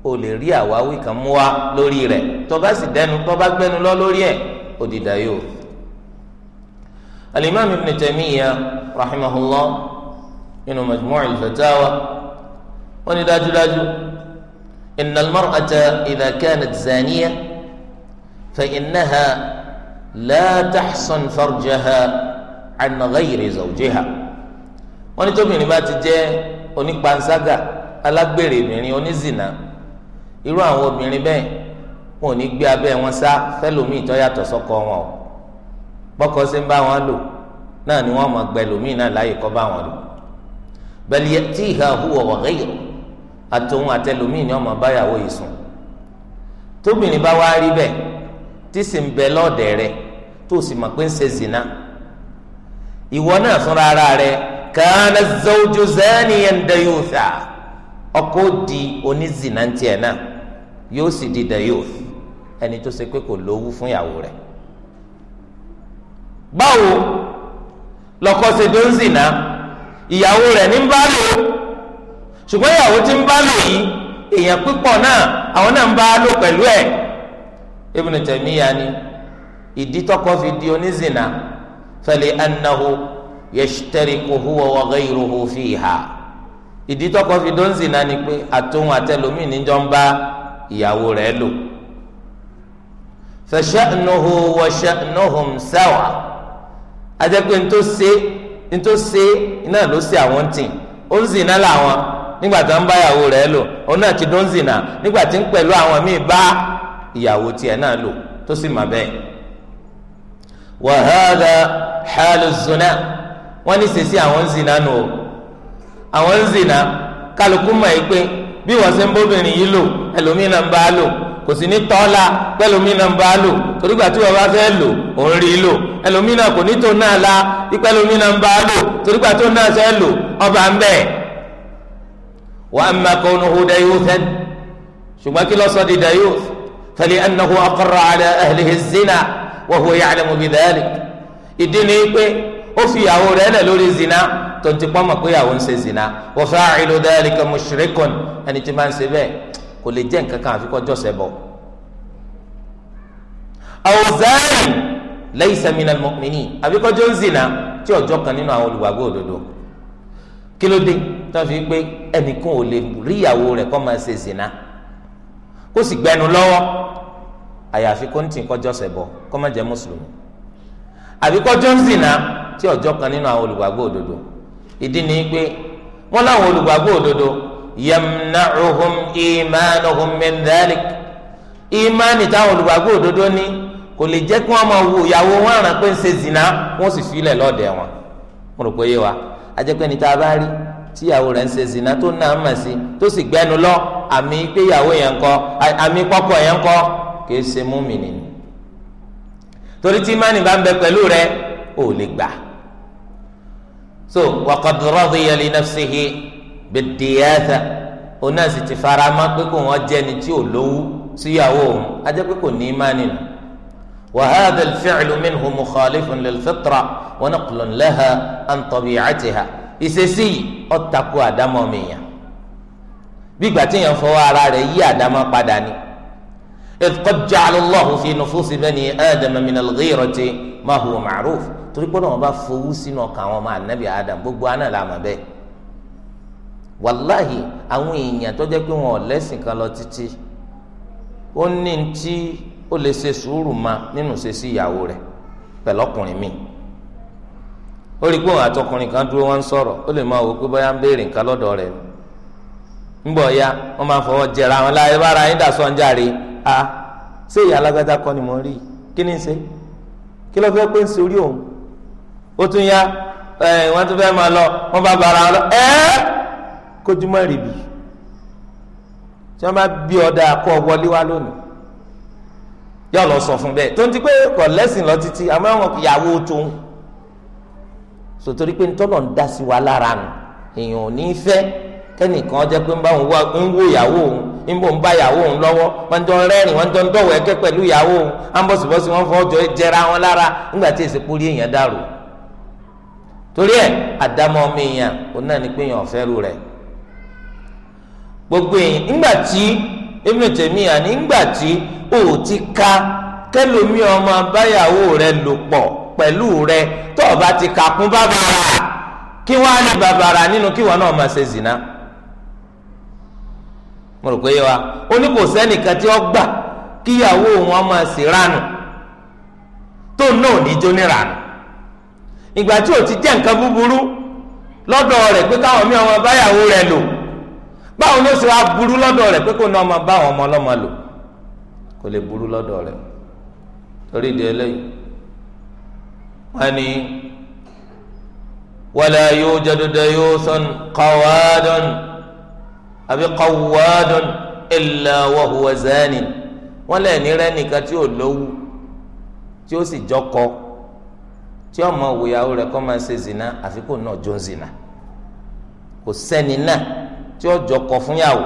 o lè rí àwáwí kan mú wa lórí rẹ̀ tó bá sì dẹnu tó bá gbẹnu lọ lórí ẹ̀ ó di dayo. alimami ibn taymiya rahimahullah nínú majmu'il fatawa wọ́n ní dájúdájú inna al-mar'ata idha zaniya fa innaha la farjaha an ghayri zawjiha tóbi ní bá ti jẹ́ onípanṣágà alágbèrè obìnrin onízìnà irú àwọn obìnrin bẹ́ẹ̀ wọn ò ní gbé abẹ́ wọn sá fẹ́lòmíì tó yàtọ̀ sọ́kọ wọn o bọ́kọ sí ń bá wọn lò náà ni wọ́n mọ̀ gbẹlòmíì náà láàyè kọ́ bá wọn lò bal ya'tiha huwa wa ghayru àtòun àtẹlòmíì ni wọ́n mọ̀ báyàwó yìí sùn tóbìnrin bá wá rí bẹ́ẹ̀ tí sì ń bẹ lọ́ọ̀dẹ̀ rẹ tó sì mọ̀ pé ń ṣe zina ìwọ náà fúnra ara rẹ kana zawju zaniyan dayutha ọkọ di onízìnàntì ẹ̀ náà yóò sì di dayuth ẹni tó ṣe pé kò lówó fún ìyàwó rẹ báwo lọkọ ṣe tó ń na ìyàwó rẹ ní bá lò ṣùgbọ́n ìyàwó ti ń bá lò yìí èèyàn pípọ̀ náà àwọn náà ń bá lò pẹ̀lú ẹ̀ ni ìdí tọkọ fi di ìdí tọkọ fi dó ń zina ni pé àtòhun àtẹlómi níjọ ń bá ìyàwó rẹ̀ lò fa sha'nuhu wa sha'nuhum sawa ajẹpẹ ntòsí ntòsí iná ló sí àwọn tì ó ń zina làwọn nígbà tó ń bá ìyàwó rẹ̀ lò òun náà ti dó ń zina nígbà tí ń pẹ̀lú àwọn míì bá ìyàwó tiẹ̀ náà lò tó sì mà bẹ́ẹ̀ wa hadha halu zina ní sèse àwọn ń zina nù o àwọn ń zìnà kálukú mọ̀ ẹ́ pé bí wọ́n ṣe ń bóbìnrin yìí lò ẹlòmíín náà ń bá a lò kò sì ní tọ́lá pẹ́lúmí náà ń bá a lò torí gbà tí wọ́n bá fẹ́ lò òun rí i lò ẹlòmí náà kò ní tó náà la pẹ́lúmí náà ń bá a lò torí gbà tó náà fẹ́ lò ọba ń bẹ̀. wa amma kaunuhu dayuthan ṣùgbọ́n kí lọ́sọ̀ di dayuth fali annahu aqarra ala ahlihi zina wa huwa ya'lamu tó ti pọ́nmọ̀ pé ìyàwó ń ṣe zina wa fa'ilu dhalika mushrikun ẹni tí máa ń ṣe bẹ́ẹ̀ kò lè jẹ́ nǹkan kan àfi kó jọ́sẹ̀ bọ̀. aw zani laysa minal mu'minin àfi kó jọ ń zina tí ọjọ́ kan nínú àwọn olùgbàgbọ́ òdodo kí ló dé tó fi pé ẹnìkan ò lè rí ìyàwó rẹ̀ kó máa ṣe zina kó sì gbẹnu lọ́wọ́ àyàfi kó ń tì kó jọ́sẹ̀ bọ̀ kó má jẹ́ mùsùlùmí àbí kó jọ zina tí ọjọ́ kan nínú àwọn olùgbàgbọ́ òdodo ìdí ni pé wọ́n láwọn olùgbàgbọ́ òdodo yamna'uhum imanuhum min dhalik ìmánì táwọn olùgbàgbọ́ òdodo n'i kò lè jẹ́ kí wọ́n máa wo ìyàwó wọn àràn pé ń ṣe zina wọ́n sì filẹ lọ́ọ̀dẹ wọn mo rò pé wa bá rí zina tó náà mà sí tó sì lọ àmì yẹn àmì yẹn ṣe múmi nìyí torí tí ń so waqad radiya li nafsihi bid-diyatha òun náà sì ti fara mọ́ pé kò wọ́n jẹ́ ni tí ò lówó síyàwó òun á jẹ́ pé kò ní í má nínú. وهذا الفعل منه مخالف للفطرة ونقل لها عن طبيعتها ìṣesí ọtakò àdámọ̀ mìíyàn gbígbà tí yẹn fọwọ́ ara rẹ̀ yí àdámọ̀ padà ni إذ قد جعل الله في نفوس بني آدم من الغيرة ما هو معروف torí pé wọn bá fowó sínú ọkàn àwọn ọmọ anabi adam gbogbo aná la mọ̀ bẹ́ẹ̀ wàláhì àwọn èèyàn tó jẹ́ pé wọn lẹ́sìn kan lọ títí ó ní tí ó lè ṣe sùúrù ma nínú ṣe sí ìyàwó rẹ̀ pẹ̀lú mi ó rí pé òun àtọkùnrin kan dúró wọn ń sọ̀rọ̀ ó lè máa wò pé ń béèrè nǹkan lọ́dọ̀ rẹ̀ ya wọ́n máa fọwọ́ láyé bára yín dà ṣé ìyá alágbádá ni mo rí kí ó tún yá ẹ wọ́n tún fẹ́ máa lọ wọ́n bá bàrà lọ ẹ kójúmọ́ rìbì tí wọ́n bá bí ọ̀dà kọ́ wọlé wá lónìí yóò lọ sọ fún bẹ́ẹ̀ tó ń ti pé lẹsìn lọ títí àmọ́ wọn yàwó tóun pé ń dá sí wa lára nù èèyàn ò ní í pé ń bá òun wá ń ìyàwó òun ń bò ń torí ẹ àdámọ́ ọmọ èèyàn òun náà ní pé èèyàn rú gbogbo èèyàn tí nígbà tí o ti ka kẹlòmí ọmọ báyàwó rẹ lò pọ̀ pẹ̀lú rẹ̀ tó o bá ti kà bàbàrà kí wọ́n á ní bàbàrà nínú kí wọ́n náà máa ṣe zìnà mo rò pé yẹ wa ó ní kò sẹ́nìkan ìgbà tí ò ti jẹ́ nǹkan búburú lọ́dọ̀ rẹ̀ pé káwọn mi ọmọ báyàwó rẹ̀ lò báwo ló ṣe wá burú lọ́dọ̀ rẹ̀ pé kò ní ọmọ báwọn ọmọ ọlọ́mọ lò kò lè burú lọ́dọ̀ rẹ̀ torí ìdí eléyìí wọ́n ní wala yujadu dayusun qawadun àbí qawadun illa wa huwa zani wọ́n lẹ́ẹ̀ rẹ́ nìkan tí ò lówó tí ó sì jọkọ̀ọ́ tí ọmọ òwòyàwó rẹ̀ kọ́ máa ṣe zina àfi kò náà jó ń zina kò sẹ́ni náà tí ó jọkọ fúnyàwó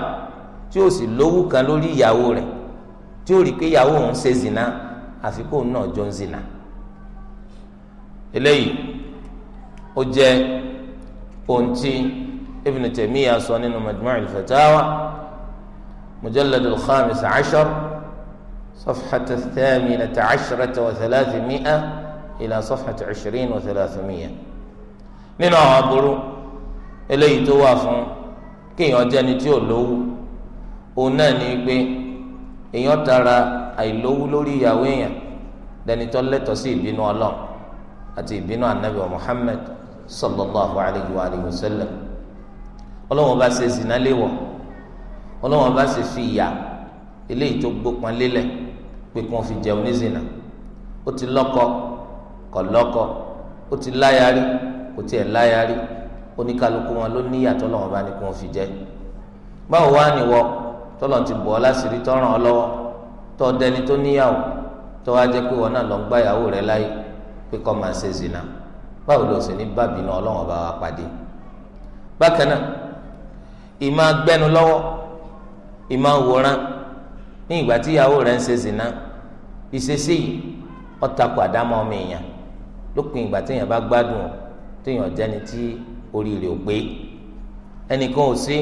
tí ó sì lówú kan lórí ìyàwó rẹ̀ tí ó rí pé ìyàwó òun ṣe zina àfi kò náà jó ń zina eléyìí ó jẹ́ ohun tí Ibn Taymiyyah sọ nínú Majmu' al-Fatawa mujallad ashar safhata thamina ashara wa thalathimi'a ìlà safhati ishirin wa thalathimiya nínú àwọn aburú eléyìí tó wà fún kéèyàn jẹni tí ò lówó òun náà ní pé èèyàn tara àìlówó lórí ìyàwó èèyàn dẹni tó lẹ́tọ̀ọ́ sí ìbínú Ọlọ́run àti ìbínú anabi wa Muhammad sallallahu alayhi wa alayhi wa sallam Ọlọ́run bá ṣe zina léwọ̀ bá ṣe fi ìyà eléyìí tó gbópọn lélẹ̀ pé kí wọ́n fi jẹun ní zina ó ti lọ́kọ kọ̀lọ́kọ̀ ó ti láyarí kò tiẹ̀ láyarí oníkálukú wọn ló ní ìyàtọ̀ lọ́wọ́ bá ní kí wọ́n fi jẹ́ báwo wá nìwọ tọ́lọ̀ ti bọ̀ ọ́ láṣìírí tọ́ràn ọ lọ́wọ́ tọ́ dẹni tó níyàwó tọ́ wá jẹ́ pé wọn náà lọ ń gbáyàwó rẹ láyé pé kọ́ máa ṣe zina báwo ló sì ní bábí náà ọlọ́wọ́n bá wa pàdé bákan náà ìmọ̀ agbẹ́nu lọ́wọ́ ìmọ̀ wòran ní ìgbà tí ìyàwó rẹ ń ṣe zina ìṣesí yìí ó tako àdámọ́ ọmọ èèyàn lópin ìgbà téèyàn bá gbádùn téèyàn jẹni tí orí ò pé ẹnìkan ò sí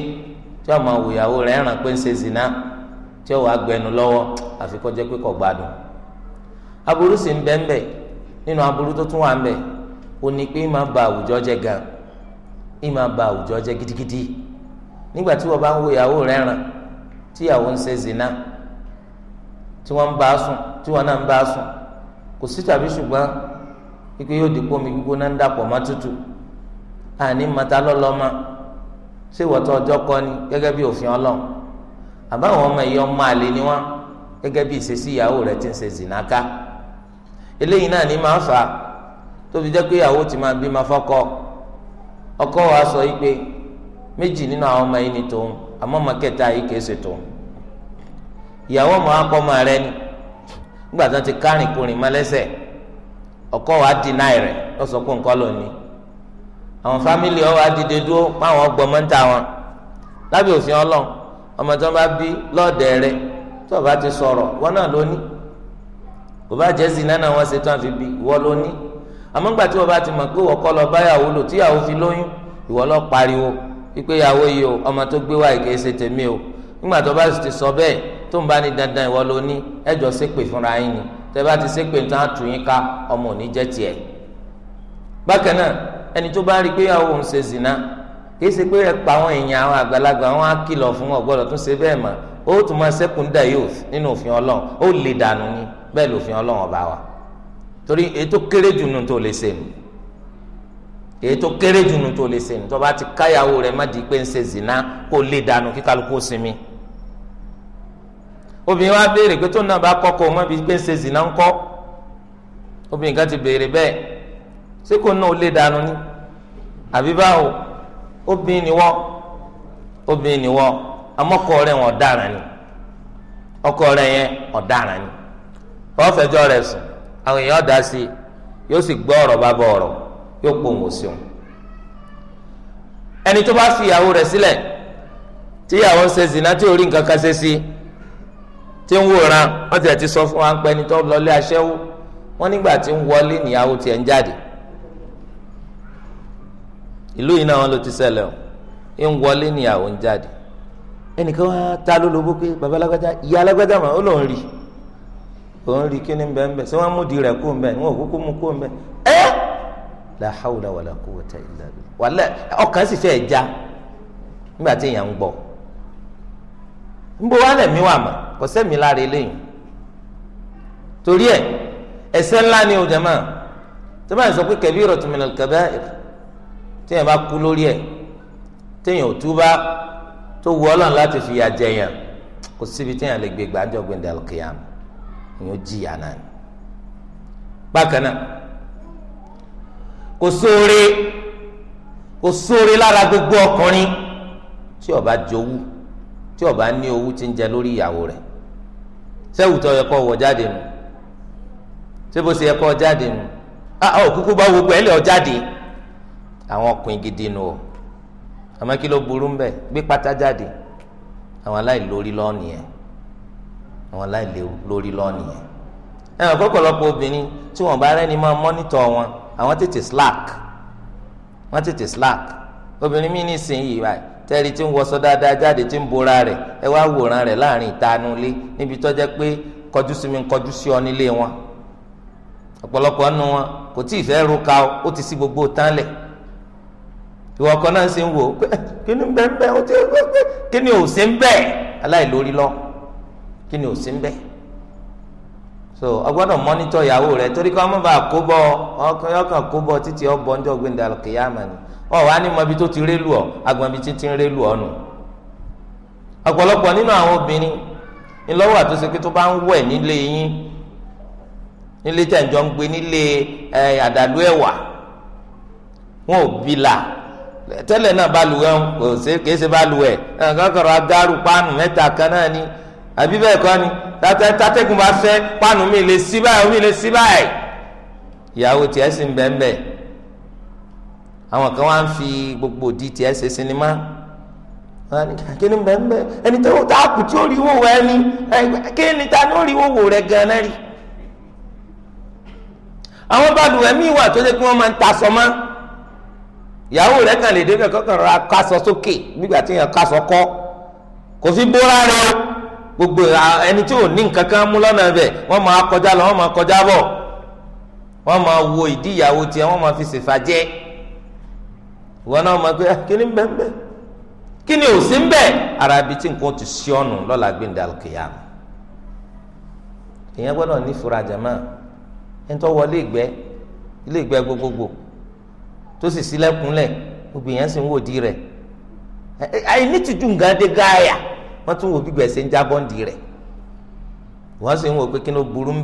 tí wọ́n máa wò ìyàwó rẹ̀ ẹ̀ràn pé ń ṣe zina tí wọ́n wàá lọ́wọ́ àfi jẹ́ pé kò gbádùn aburú sì ń bẹ ń bẹ nínú aburú tó tún wà ń bẹ ó ní gidigidi nígbà tí bá ń ìyàwó zina tí ń bá a sùn tí a sùn kò kíkẹ́ yóò dìpọ̀ mi gbígbóná ń dàpọ̀ má tútù àní mata lọ́lọ́mà ṣé ìwọ́tọ̀ ọjọ́ kọ́ ni gẹ́gẹ́ bí òfin ọlọ́run àbáwọn ọmọ ẹ̀yọ́ ọmọ ni wọ́n gẹ́gẹ́ bí ìṣesí ìyàwó rẹ̀ ti ń ṣe eléyìí náà ní máa fà á tó jẹ́ pé ìyàwó ti máa ma ọkọ wa sọ yìí pé méjì nínú àwọn ọmọ yìí ni tòun àmọ́ ọmọ kẹta yìí kìí ṣe tòun rẹ ni nígbà ti ọkọ wa deny rẹ̀ ó sọ pé nǹkan lónìí àwọn fámìlì ọwọ adìde dúró páwọn ọgbọmọ ń ta wọn lábẹ́ òfin Ọlọ́run ọmọ tí wọn bá bí lọọdẹ rẹ̀ tí wọn bá ti sọ̀rọ̀ wọn náà lónìí kò bá jẹ zina náà wọn ṣe tán fi bí wọn lónìí àmọ́ ńgbà tí wọn bá ti mọ̀ pé wọ́n kọ́ lọ báyàwó lò tíyàwó fi lóyún ìwọ lọ pariwo wípé ìyàwó yìí o ọmọ tó gbé wá ìkè ṣe tèmi o nígbà tó bá ti sọ bẹ́ẹ̀ tó ń bá ní dandan ìwọ lónìí ẹjọ́ ṣépè fúnra yín ni tẹ́bá ti ṣe pé nǹkan àtún yín ká ọmọ òní jẹ́ tiẹ̀. bákan náà ẹni tó bá rí i pé àwọn òun ṣe zina kì í ṣe pé ẹ pa àwọn èèyàn àwọn àgbàlagbà wọn á kìlọ̀ fún wọn gbọ́dọ̀ tún ṣe bẹ́ẹ̀ mọ́ ó tún máa sẹ́kùndà yóò nínú òfin ọlọ́run ó lè dànù ni bẹ́ẹ̀ lòfin ọlọ́run ọba wa torí ètò kéré jù nù tó lè ṣe nù ètò kéré jù nù tó lè ṣe nù tó bá ti káyàwó rẹ̀ má di pé ń ṣe zina kó lè dànù kí sinmi. obìnrin wa béèrè pé tó náà bá kọ́kọ́ ọmọ ibi pé ń ṣe zìnnà ńkọ́ obìnrin kan ti béèrè bẹ́ẹ̀ ṣé kò náà ó lé dànù ni àbí báwo obìnrin ni wọ́n obìnrin ni wọ́n amọ́kọ rẹ̀ wọn ọ̀daràn ni ọkọ rẹ̀ yẹn ni wọ́n rẹ̀ sùn àwọn èèyàn dá sí yóò sì gbọ́ ọ̀rọ̀ bá bọ̀ ọ̀rọ̀ yóò ẹni tó bá fi ìyàwó rẹ̀ sílẹ̀ tíyàwó ń ṣe zìnnà tí orí nǹkan kan tí ń wòran wọ́n ti ti sọ fún wa ń pẹ́ ni tó lọlé aṣẹ́wó wọ́n nígbà tí ń wọlé níyàwó tiẹ̀ ń jáde ìlú yìí náà ló ti ṣẹlẹ̀ o ń wọlé níyàwó ń jáde ẹnìkan wá ta ìyá alágbájá ó rí òun rí ń bẹ ń bẹ ṣé mú di kó la já nígbà tí èèyàn nbọ wa lẹ̀mí wà mà kò sẹ́mi lára eléyìí torí ẹ ẹ̀ṣẹ̀ ńlá ni o jẹmọ tí wọn sọ pé kabiratun minal kaba'ir téèyàn bá kú lórí ẹ téèyàn ò túbá tó wù Ọlọ́run láti fìyà jẹyàn kò síbi téèyàn lè gbé gbàjọ gbẹndẹ kìyàm ìyẹn ó jìyà náà ni bákan náà kò sóore kò sóore lára gbogbo ọkùnrin tí ó bá tí ọba ní owó ti ń jẹ lórí ìyàwó rẹ̀ sẹ́wùtọ́ yẹ kọ́ wọ jáde nù bó ṣe yẹ kọ́ jáde nù kúkú bá wo pẹ̀lẹ́ ọ jáde àwọn ọkùnrin gidi nù ọ àmọ́ kí ló burú ń bẹ̀ gbé pátá jáde àwọn aláìlórí àwọn aláìlórí lọ́ọ̀nì wọn, obìnrin tí wọn àwọn tètè slack mi ní báyìí tẹ́rì tí ń wọṣọ dáadáa jáde tí ń bora rẹ̀ ẹ wá wòran rẹ̀ láàrin ìtanulé níbi tó jẹ́ pé kọjú mi ń kọjú wọn ọ̀pọ̀lọpọ̀ nù wọn kò tí ì fẹ́ ruka ó ti sí gbogbo tánlẹ̀ ọkọ náà sì ń wò eh, pé kí ni bẹ́ẹ̀ bẹ́ẹ̀ ó ti pé lọ kí ni ò sí ń bẹ́ẹ̀ so ọgbọ́dọ̀ mọ́nítọ̀ ìyàwó torí ọkàn títí ọ wọn wà á ní mọbi tó ti rélu ọ agbọ̀nbi títí ń rélu ọ nù ọ̀pọ̀lọpọ̀ nínú àwọn obìnrin ńlọ́wọ́ àtúnṣe pé tó bá ń wẹ̀ nílé yín nílé tẹ̀jọ́ ń gbé nílé àdàlú ẹ̀wà wọn ò bí la tẹ́lẹ̀ náà bá lu ẹ̀ kò ṣe kìí ṣe bá lu ẹ̀ kankọrọ agaru paanu mẹ́ta kan náà ni àbí bẹ́ẹ̀ kọ́ ni tátẹ́gùn bá fẹ́ paanu mi lè sí báyìí omi lè sí báyìí ìyàwó tiẹ̀ sì ń bẹ́ẹ̀ bẹ́ẹ̀ àwọn kan wá ń fi gbogbo di tiẹ̀ ṣe sinimá kíni bẹ́ẹ̀ ẹni tó tá a kù tí ó rí wòwò ẹni kíni ta ni ó rí wòwò rẹ gan-an rí àwọn balùwẹ̀ míì wà tó lé kí wọ́n máa ń tasọ mọ́ ìyàwó rẹ kàn lè débẹ̀ kọ́kàn rọra kásọ sókè nígbà tí yẹn kásọ kọ́ kò fi bóra rẹ o gbogbo ẹni tí ò ní nǹkan kan mú lọ́nà bẹ̀ wọ́n máa kọjá lọ wọ́n máa kọjá bọ̀ wọ́n máa wo ìdí ìyàwó tiẹ̀ wọ́n máa fi ṣèfà jẹ́ wọn náà máa gbé kíni ń bẹ ń bẹ kíni ò sí ń bẹ ara ibi tí nǹkan ti sí ọ̀nù lọ́la gbẹ̀ndẹ̀ alùkìyàm èèyàn gbọ́dọ̀ ní ìfura jama ẹni wọlé ìgbẹ́ ilé ìgbẹ́ gbogbogbò tó sì sílẹ̀kùnlẹ̀ gbogbo sì ń wò di rẹ̀ wọ́n tún wò ń jábọ́ ń di rẹ̀ wọ́n sì ń wò pé kí ló burú ń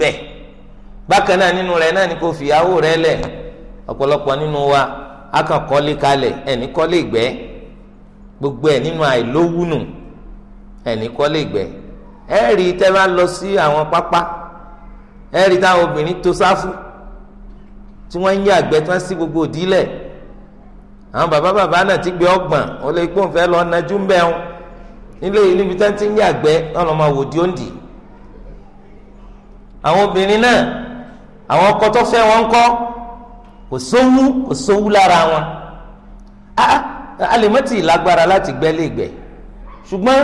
bákan akàn kọ́lé kalẹ̀ ẹni kọ́lé ìgbẹ́ gbogbo ẹ̀ nínú àìlówùnù ẹni kọ́lé ìgbẹ́ ẹ rí tẹ́ bá lọ sí àwọn pápá ẹ rí táwọn obìnrin tó sáfù tí wọ́n ń yí àgbẹ̀ tí wọ́n sí gbogbo òdílẹ̀ àwọn bàbá bàbá náà ti gbé ọgbọ̀n ó lè gbóhùn fẹ́ lọ nájú ń nílé yìí níbi tí wọ́n ti ń yí àgbẹ̀ wọn máa wò di òǹdì àwọn obìnrin náà àwọn ọkọ wọn kọ́ kò sówú kò sówú lára wọn ah, ah, a lè mọ́tì lágbára láti gbẹ́ léègbẹ́ ṣùgbọ́n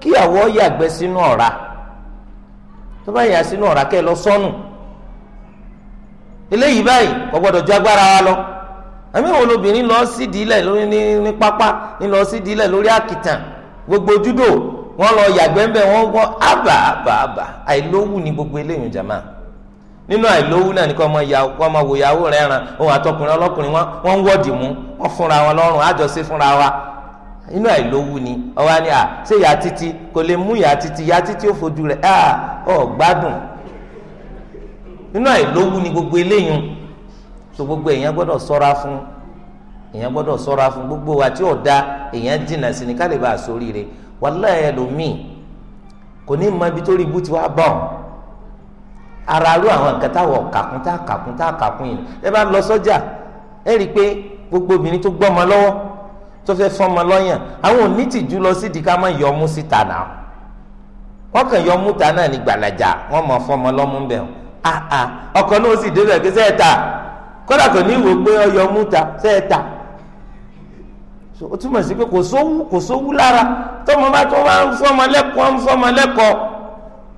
kíyàwó yàgbẹ́ sínú ọ̀ra tó bá yà sínú ọ̀ra kẹ́ ẹ lọ sọ́nù eléyìí báyìí kò gbọ́dọ̀ ju agbára wa lọ àmì wo lobìnrin lọ sí ìdílẹ̀ lórí ní ní pápá ní lọ sí ìdílẹ̀ lórí àkìtàn gbogbo júdò wọn lọ yàgbẹ́ ń bẹ̀ wọ́n gbọ́ àbà àbà àbà àìlówù ni gbogbo eléyìí jàmáà. nínú àìlówó náà ni kò ọmọ ìyàwó kò ọmọ wòyàwó rẹ ràn òun àtọkùnrin ọlọkùnrin wọn wọn ń wọdì mú wọn fúnra wọn lọ́rùn àjọṣe fúnra wa inú àìlówó ni ọwọ ni à ṣé ìyá títí kò lè mú ìyá títí ìyá títí ó fojú rẹ à ọ gbádùn inú àìlówó ni gbogbo eléyìí so gbogbo èèyàn gbọ́dọ̀ ṣọ́ra fún èèyàn gbọ́dọ̀ ṣọ́ra fún gbogbo wa tí ò da èèyàn jìnnà sí ni ká lè bá a sóríire wàláyé ẹlòmíì kò ní mọ ibi tó rí ibú tí wàá bá araru àwọn nǹkan táwọn kàkún tá kàkún tá kàkún yìí ẹ bá lọ sọ́jà ẹ rí i pé gbogbo obìnrin tó gbọ́ ọmọ lọ́wọ́ tó fẹ́ fọ́mọ lọ́yàn àwọn onítìjú lọ sí ìdíkà máa yọ ọmú síta náà wọ́n kàn yọ ọmú ta náà ní gbàlàjà wọ́n mọ̀ fọ́mọ lọ́mú ń bẹ̀ ọ́ àà ah, ah, ọkọ̀ náà ó sì débẹ̀ pé sẹ́ẹ̀ ta kódà kò ní ìwò pé ọyọ ọmú ta sẹ́ẹ̀ ta ó túmọ̀ sí pé kò sówú kò sówú lára tọ́mọ bá tó bá ń fọ́mọ lẹ́kọ̀ọ́ ń fọ́mọ lẹ́kọ̀ọ́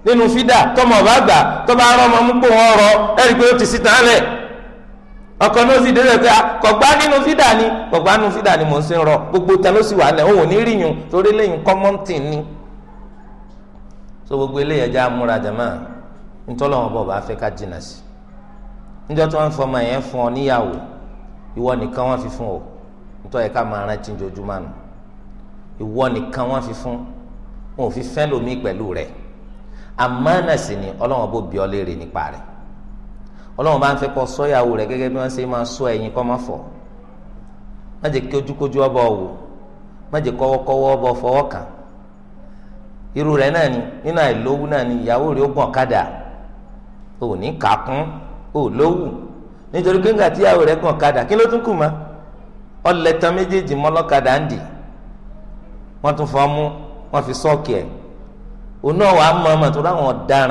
nínú fídà tọmọ ọba àgbà tọba arọ ọmọ wọn rọ ẹrí pé ó ti síta lẹ ọkọ náà sì délẹ pé ah, kọgbá nínú fídà ni kọgbá nínú fídà ni mò ń sin rọ gbogbo ta ló sì wà lẹ òun ò ní torí ni. so gbogbo eléyà já múra jama ntọ́lọ́ bọ̀ bá fẹ́ ká jìnnà sí níjọ́ ọ níyàwó ìwọ nìkan wọ́n fi fún ọ ká máa àmánà sì ni ọlọ́wọ́n bó bí ọ nípa rẹ̀ ọlọ́wọ́n bá ń fẹ́ kọ́ sọ́yàwó rẹ̀ gẹ́gẹ́ bí wọ́n ṣe máa sọ ẹ̀yìn kọ́ máa fọ̀ má jẹ́ kí ojúkójú ọba wò má jẹ́ kọ́wọ́kọ́wọ́ ọba fọwọ́ kàn irú rẹ̀ náà ni nínú àìlówó náà ni ìyàwó rẹ̀ ó gbọ̀n kádà ò ní kàkún ò lówù nítorí tí ìyàwó rẹ̀ gbọ̀n kádà kí ló tún kù ọlẹ́tàn fi sọ́ọ̀kì ẹ̀ òun náà wàá tó láwọn ọ̀daràn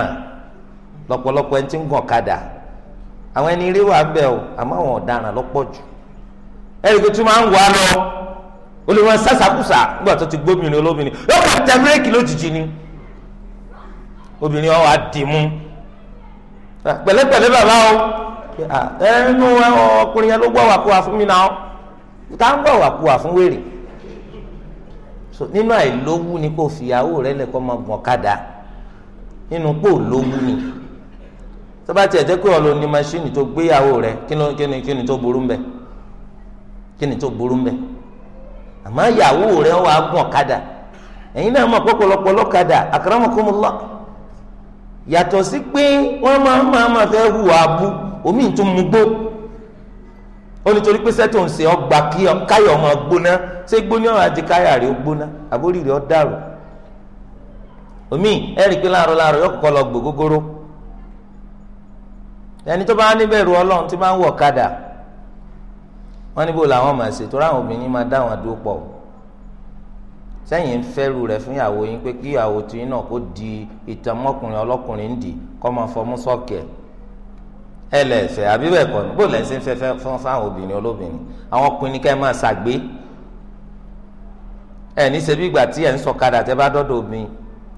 lọpọlọpọ ẹni tí ń gàn kadà àwọn ẹni rí o àmọ́ àwọn ọ̀daràn lọpọ jù ẹni tó tún máa lọ olùwọ̀n sàṣàkùsà nígbà tó ti gbóbìnrin olóbìnrin yóò kà tẹ bírèkì lójijì ni obìnrin ọ̀ wá dì bàbá o ẹnu ọkùnrin yẹn ló fún mi náà fún wèrè so nínú àìlówú ni kò fìyàwó rẹ lẹkọọ máa gbọn kádà nínú pò lówú ni tó bá tiẹ̀ jẹ́ pé ọ̀lọ́ ni maṣíìnì tó gbéyàwó rẹ kí ni tó burú ń bẹ kí ni tó burú ń bẹ àmọ́ ìyàwó rẹ wàá gùn ọ̀kadà ẹ̀yin náà mọ̀ pọ̀pọ̀lọpọ̀ lọ́kadà akramakumullah yàtọ̀ sí pé wọ́n máa máa máa fẹ́ hùwà abú omi tún ó nítorí pé sẹ́tò ń ṣe ọgbà káyọ̀ ọmọ gbóná ṣé gbóni ọ̀rọ̀ àdìkáyà rẹ̀ ó gbóná àbórí rẹ̀ ó dàrú omi ẹ̀rì pé láàárọ̀ láàárọ̀ yóò kọ́ lọ gbò gógóró ẹni tó bá níbẹ̀rù ọlọ́run tí máa ń wọ̀ kadà wọ́n níbo làwọn máa ṣe torí àwọn obìnrin máa dá àwọn dúró pọ̀ sẹ́yìn ń fẹ́rù rẹ̀ fún ìyàwó yín pé kí ìyàwó tiyín náà kó di ìtàn mọ́kùnrin ọlọ́kùnrin ń dì kọ́ máa fọmú sọ́ọ̀kẹ́ ẹ lẹ́sẹ̀ àbí bẹ́ẹ̀ kọ́ bó lẹ́sìn fẹ́fẹ́ fún fáwọn obìnrin olóbìnrin àwọn ọkùnrin kẹ́ máa ṣàgbé ẹ sebi ìgbà tí ẹ ń tẹ bá dọdọ mi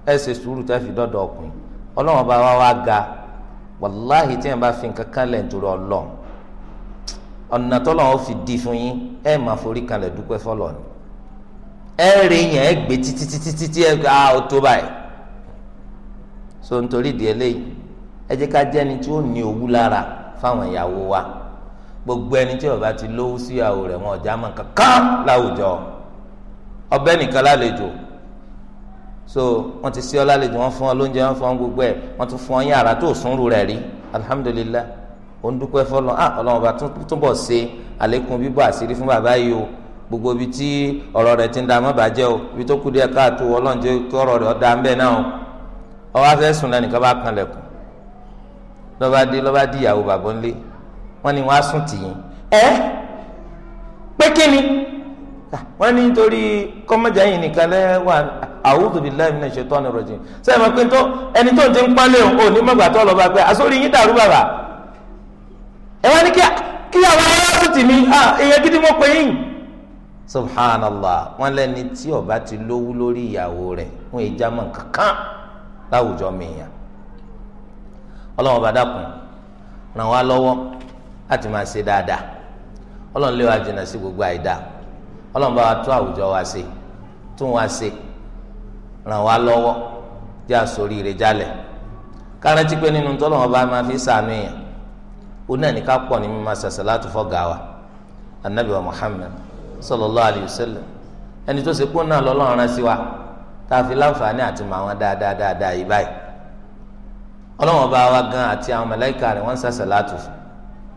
ẹ ṣe sùúrù fi dọdọ ọkùnrin Ọlọ́run bá wá wá ga wàláhì tí ẹ bá fi nǹkan kan lẹ̀ ọ̀nà tọ́lọ́run fi di fún yín ẹ forí kalẹ̀ ni ẹ rí yẹn ẹ gbé títí títí títí so nítorí ìdí eléyìí ẹ jẹ́ ká jẹ́ ẹni tí ó ní owú wa gbogbo ẹni tí ọba ti lówó síyàwó rẹ̀ wọn ọ̀já mọ̀ kankan ọbẹ̀ nìkan lálejò so wọ́n ti sí ọ lálejò wọ́n fún ọ lóúnjẹ wọ́n fún ọ gbogbo ẹ̀ wọ́n tún fún ọ yín àrà tó sùnrù rẹ̀ rí alihamudulilayi ó ń dúpẹ́ fọlọ́ ah ọlọ́run bá túbọ̀ ṣe àlékún bíbọ̀ àṣírí fún bàbá yìí o gbogbo ibi tí ọ̀rọ̀ rẹ̀ ti ń da mọ́bàjẹ́ o ibi tó kú díẹ̀ káàtó ọlọ́run jẹ́ kí ọ̀rọ̀ rẹ̀ ọ̀dà ń bẹ̀ náà o ọwọ́ afẹ́ sùn lẹ́nìkan bá kan lẹ̀kùn lọ́ba dé lọ́ba dí ìyàwó bàbá ńlé wọ́n ní wọ́n á sùn tì yín ẹ́ pé kí Ah, wọ́n ní nítorí kọ́mọ́jà yìí nìkan lẹ́wà a'udhu billahi minash shaitani rajim sẹ́yìn máa pé tó ẹni tó ń ti ń pálẹ̀ òun ò ní mọ̀gbà tó lọ bá àsórí yín dàrú bàbà ẹ wá ní kí àwọn aráàlú tì mí gidi mo pè yín subhanallah wọ́n lẹ́ni tí ọba ti lówú lórí ìyàwó rẹ̀ fún ìjàmọ kankan láwùjọ mìíràn Ọlọ́run bá dákun ràn wá láti máa ṣe dáadáa lé wa jìnnà sí gbogbo àìdáa. ọlọ́run bá wa tún àwùjọ wa ṣe tún wa ṣe ràn wá lọ́wọ́ jẹ́ àsorí rẹ̀ jálẹ̀ kárántí pé nínú tọ́lọ́wọ́n bá máa fi sàánú èèyàn ó náà ní ká pọ̀ ní mímá sàṣàlátù fọ́gà wa anabi wa muhammed sallallahu alayhi wa sallam ẹni tó ṣe kó náà lọ́lọ́run rán sí wa tá a fi láǹfààní àti mọ àwọn dáadáa dáadáa yìí báyìí ọlọ́wọ́n bá wa gan àti àwọn màláíkà rẹ̀ wọ́n ń sàṣàlátù fún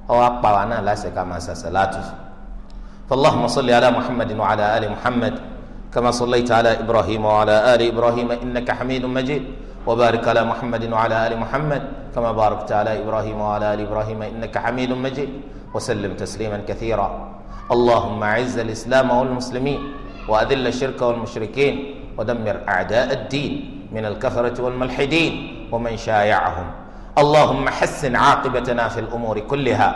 ọ wá pa wa náà láṣẹ ká máa sàṣàlátù fún فاللهم صل على محمد وعلى ال محمد كما صليت على ابراهيم وعلى ال ابراهيم انك حميد مجيد وبارك على محمد وعلى ال محمد كما باركت على ابراهيم وعلى ال ابراهيم انك حميد مجيد وسلم تسليما كثيرا اللهم اعز الاسلام والمسلمين واذل الشرك والمشركين ودمر اعداء الدين من الكفره والملحدين ومن شايعهم اللهم حسن عاقبتنا في الامور كلها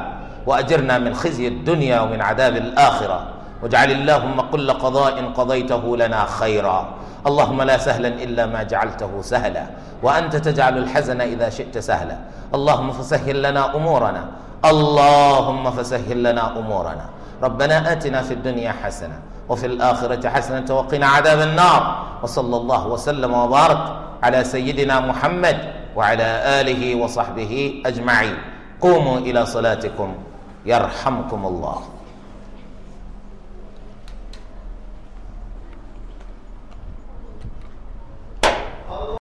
وأجرنا من خزي الدنيا ومن عذاب الآخرة واجعل اللهم كل قضاء قضيته لنا خيرا اللهم لا سهلا إلا ما جعلته سهلا وأنت تجعل الحزن إذا شئت سهلا اللهم فسهل لنا أمورنا اللهم فسهل لنا أمورنا ربنا آتنا في الدنيا حسنة وفي الآخرة حسنة وقنا عذاب النار وصلى الله وسلم وبارك على سيدنا محمد وعلى آله وصحبه أجمعين قوموا إلى صلاتكم يرحمكم الله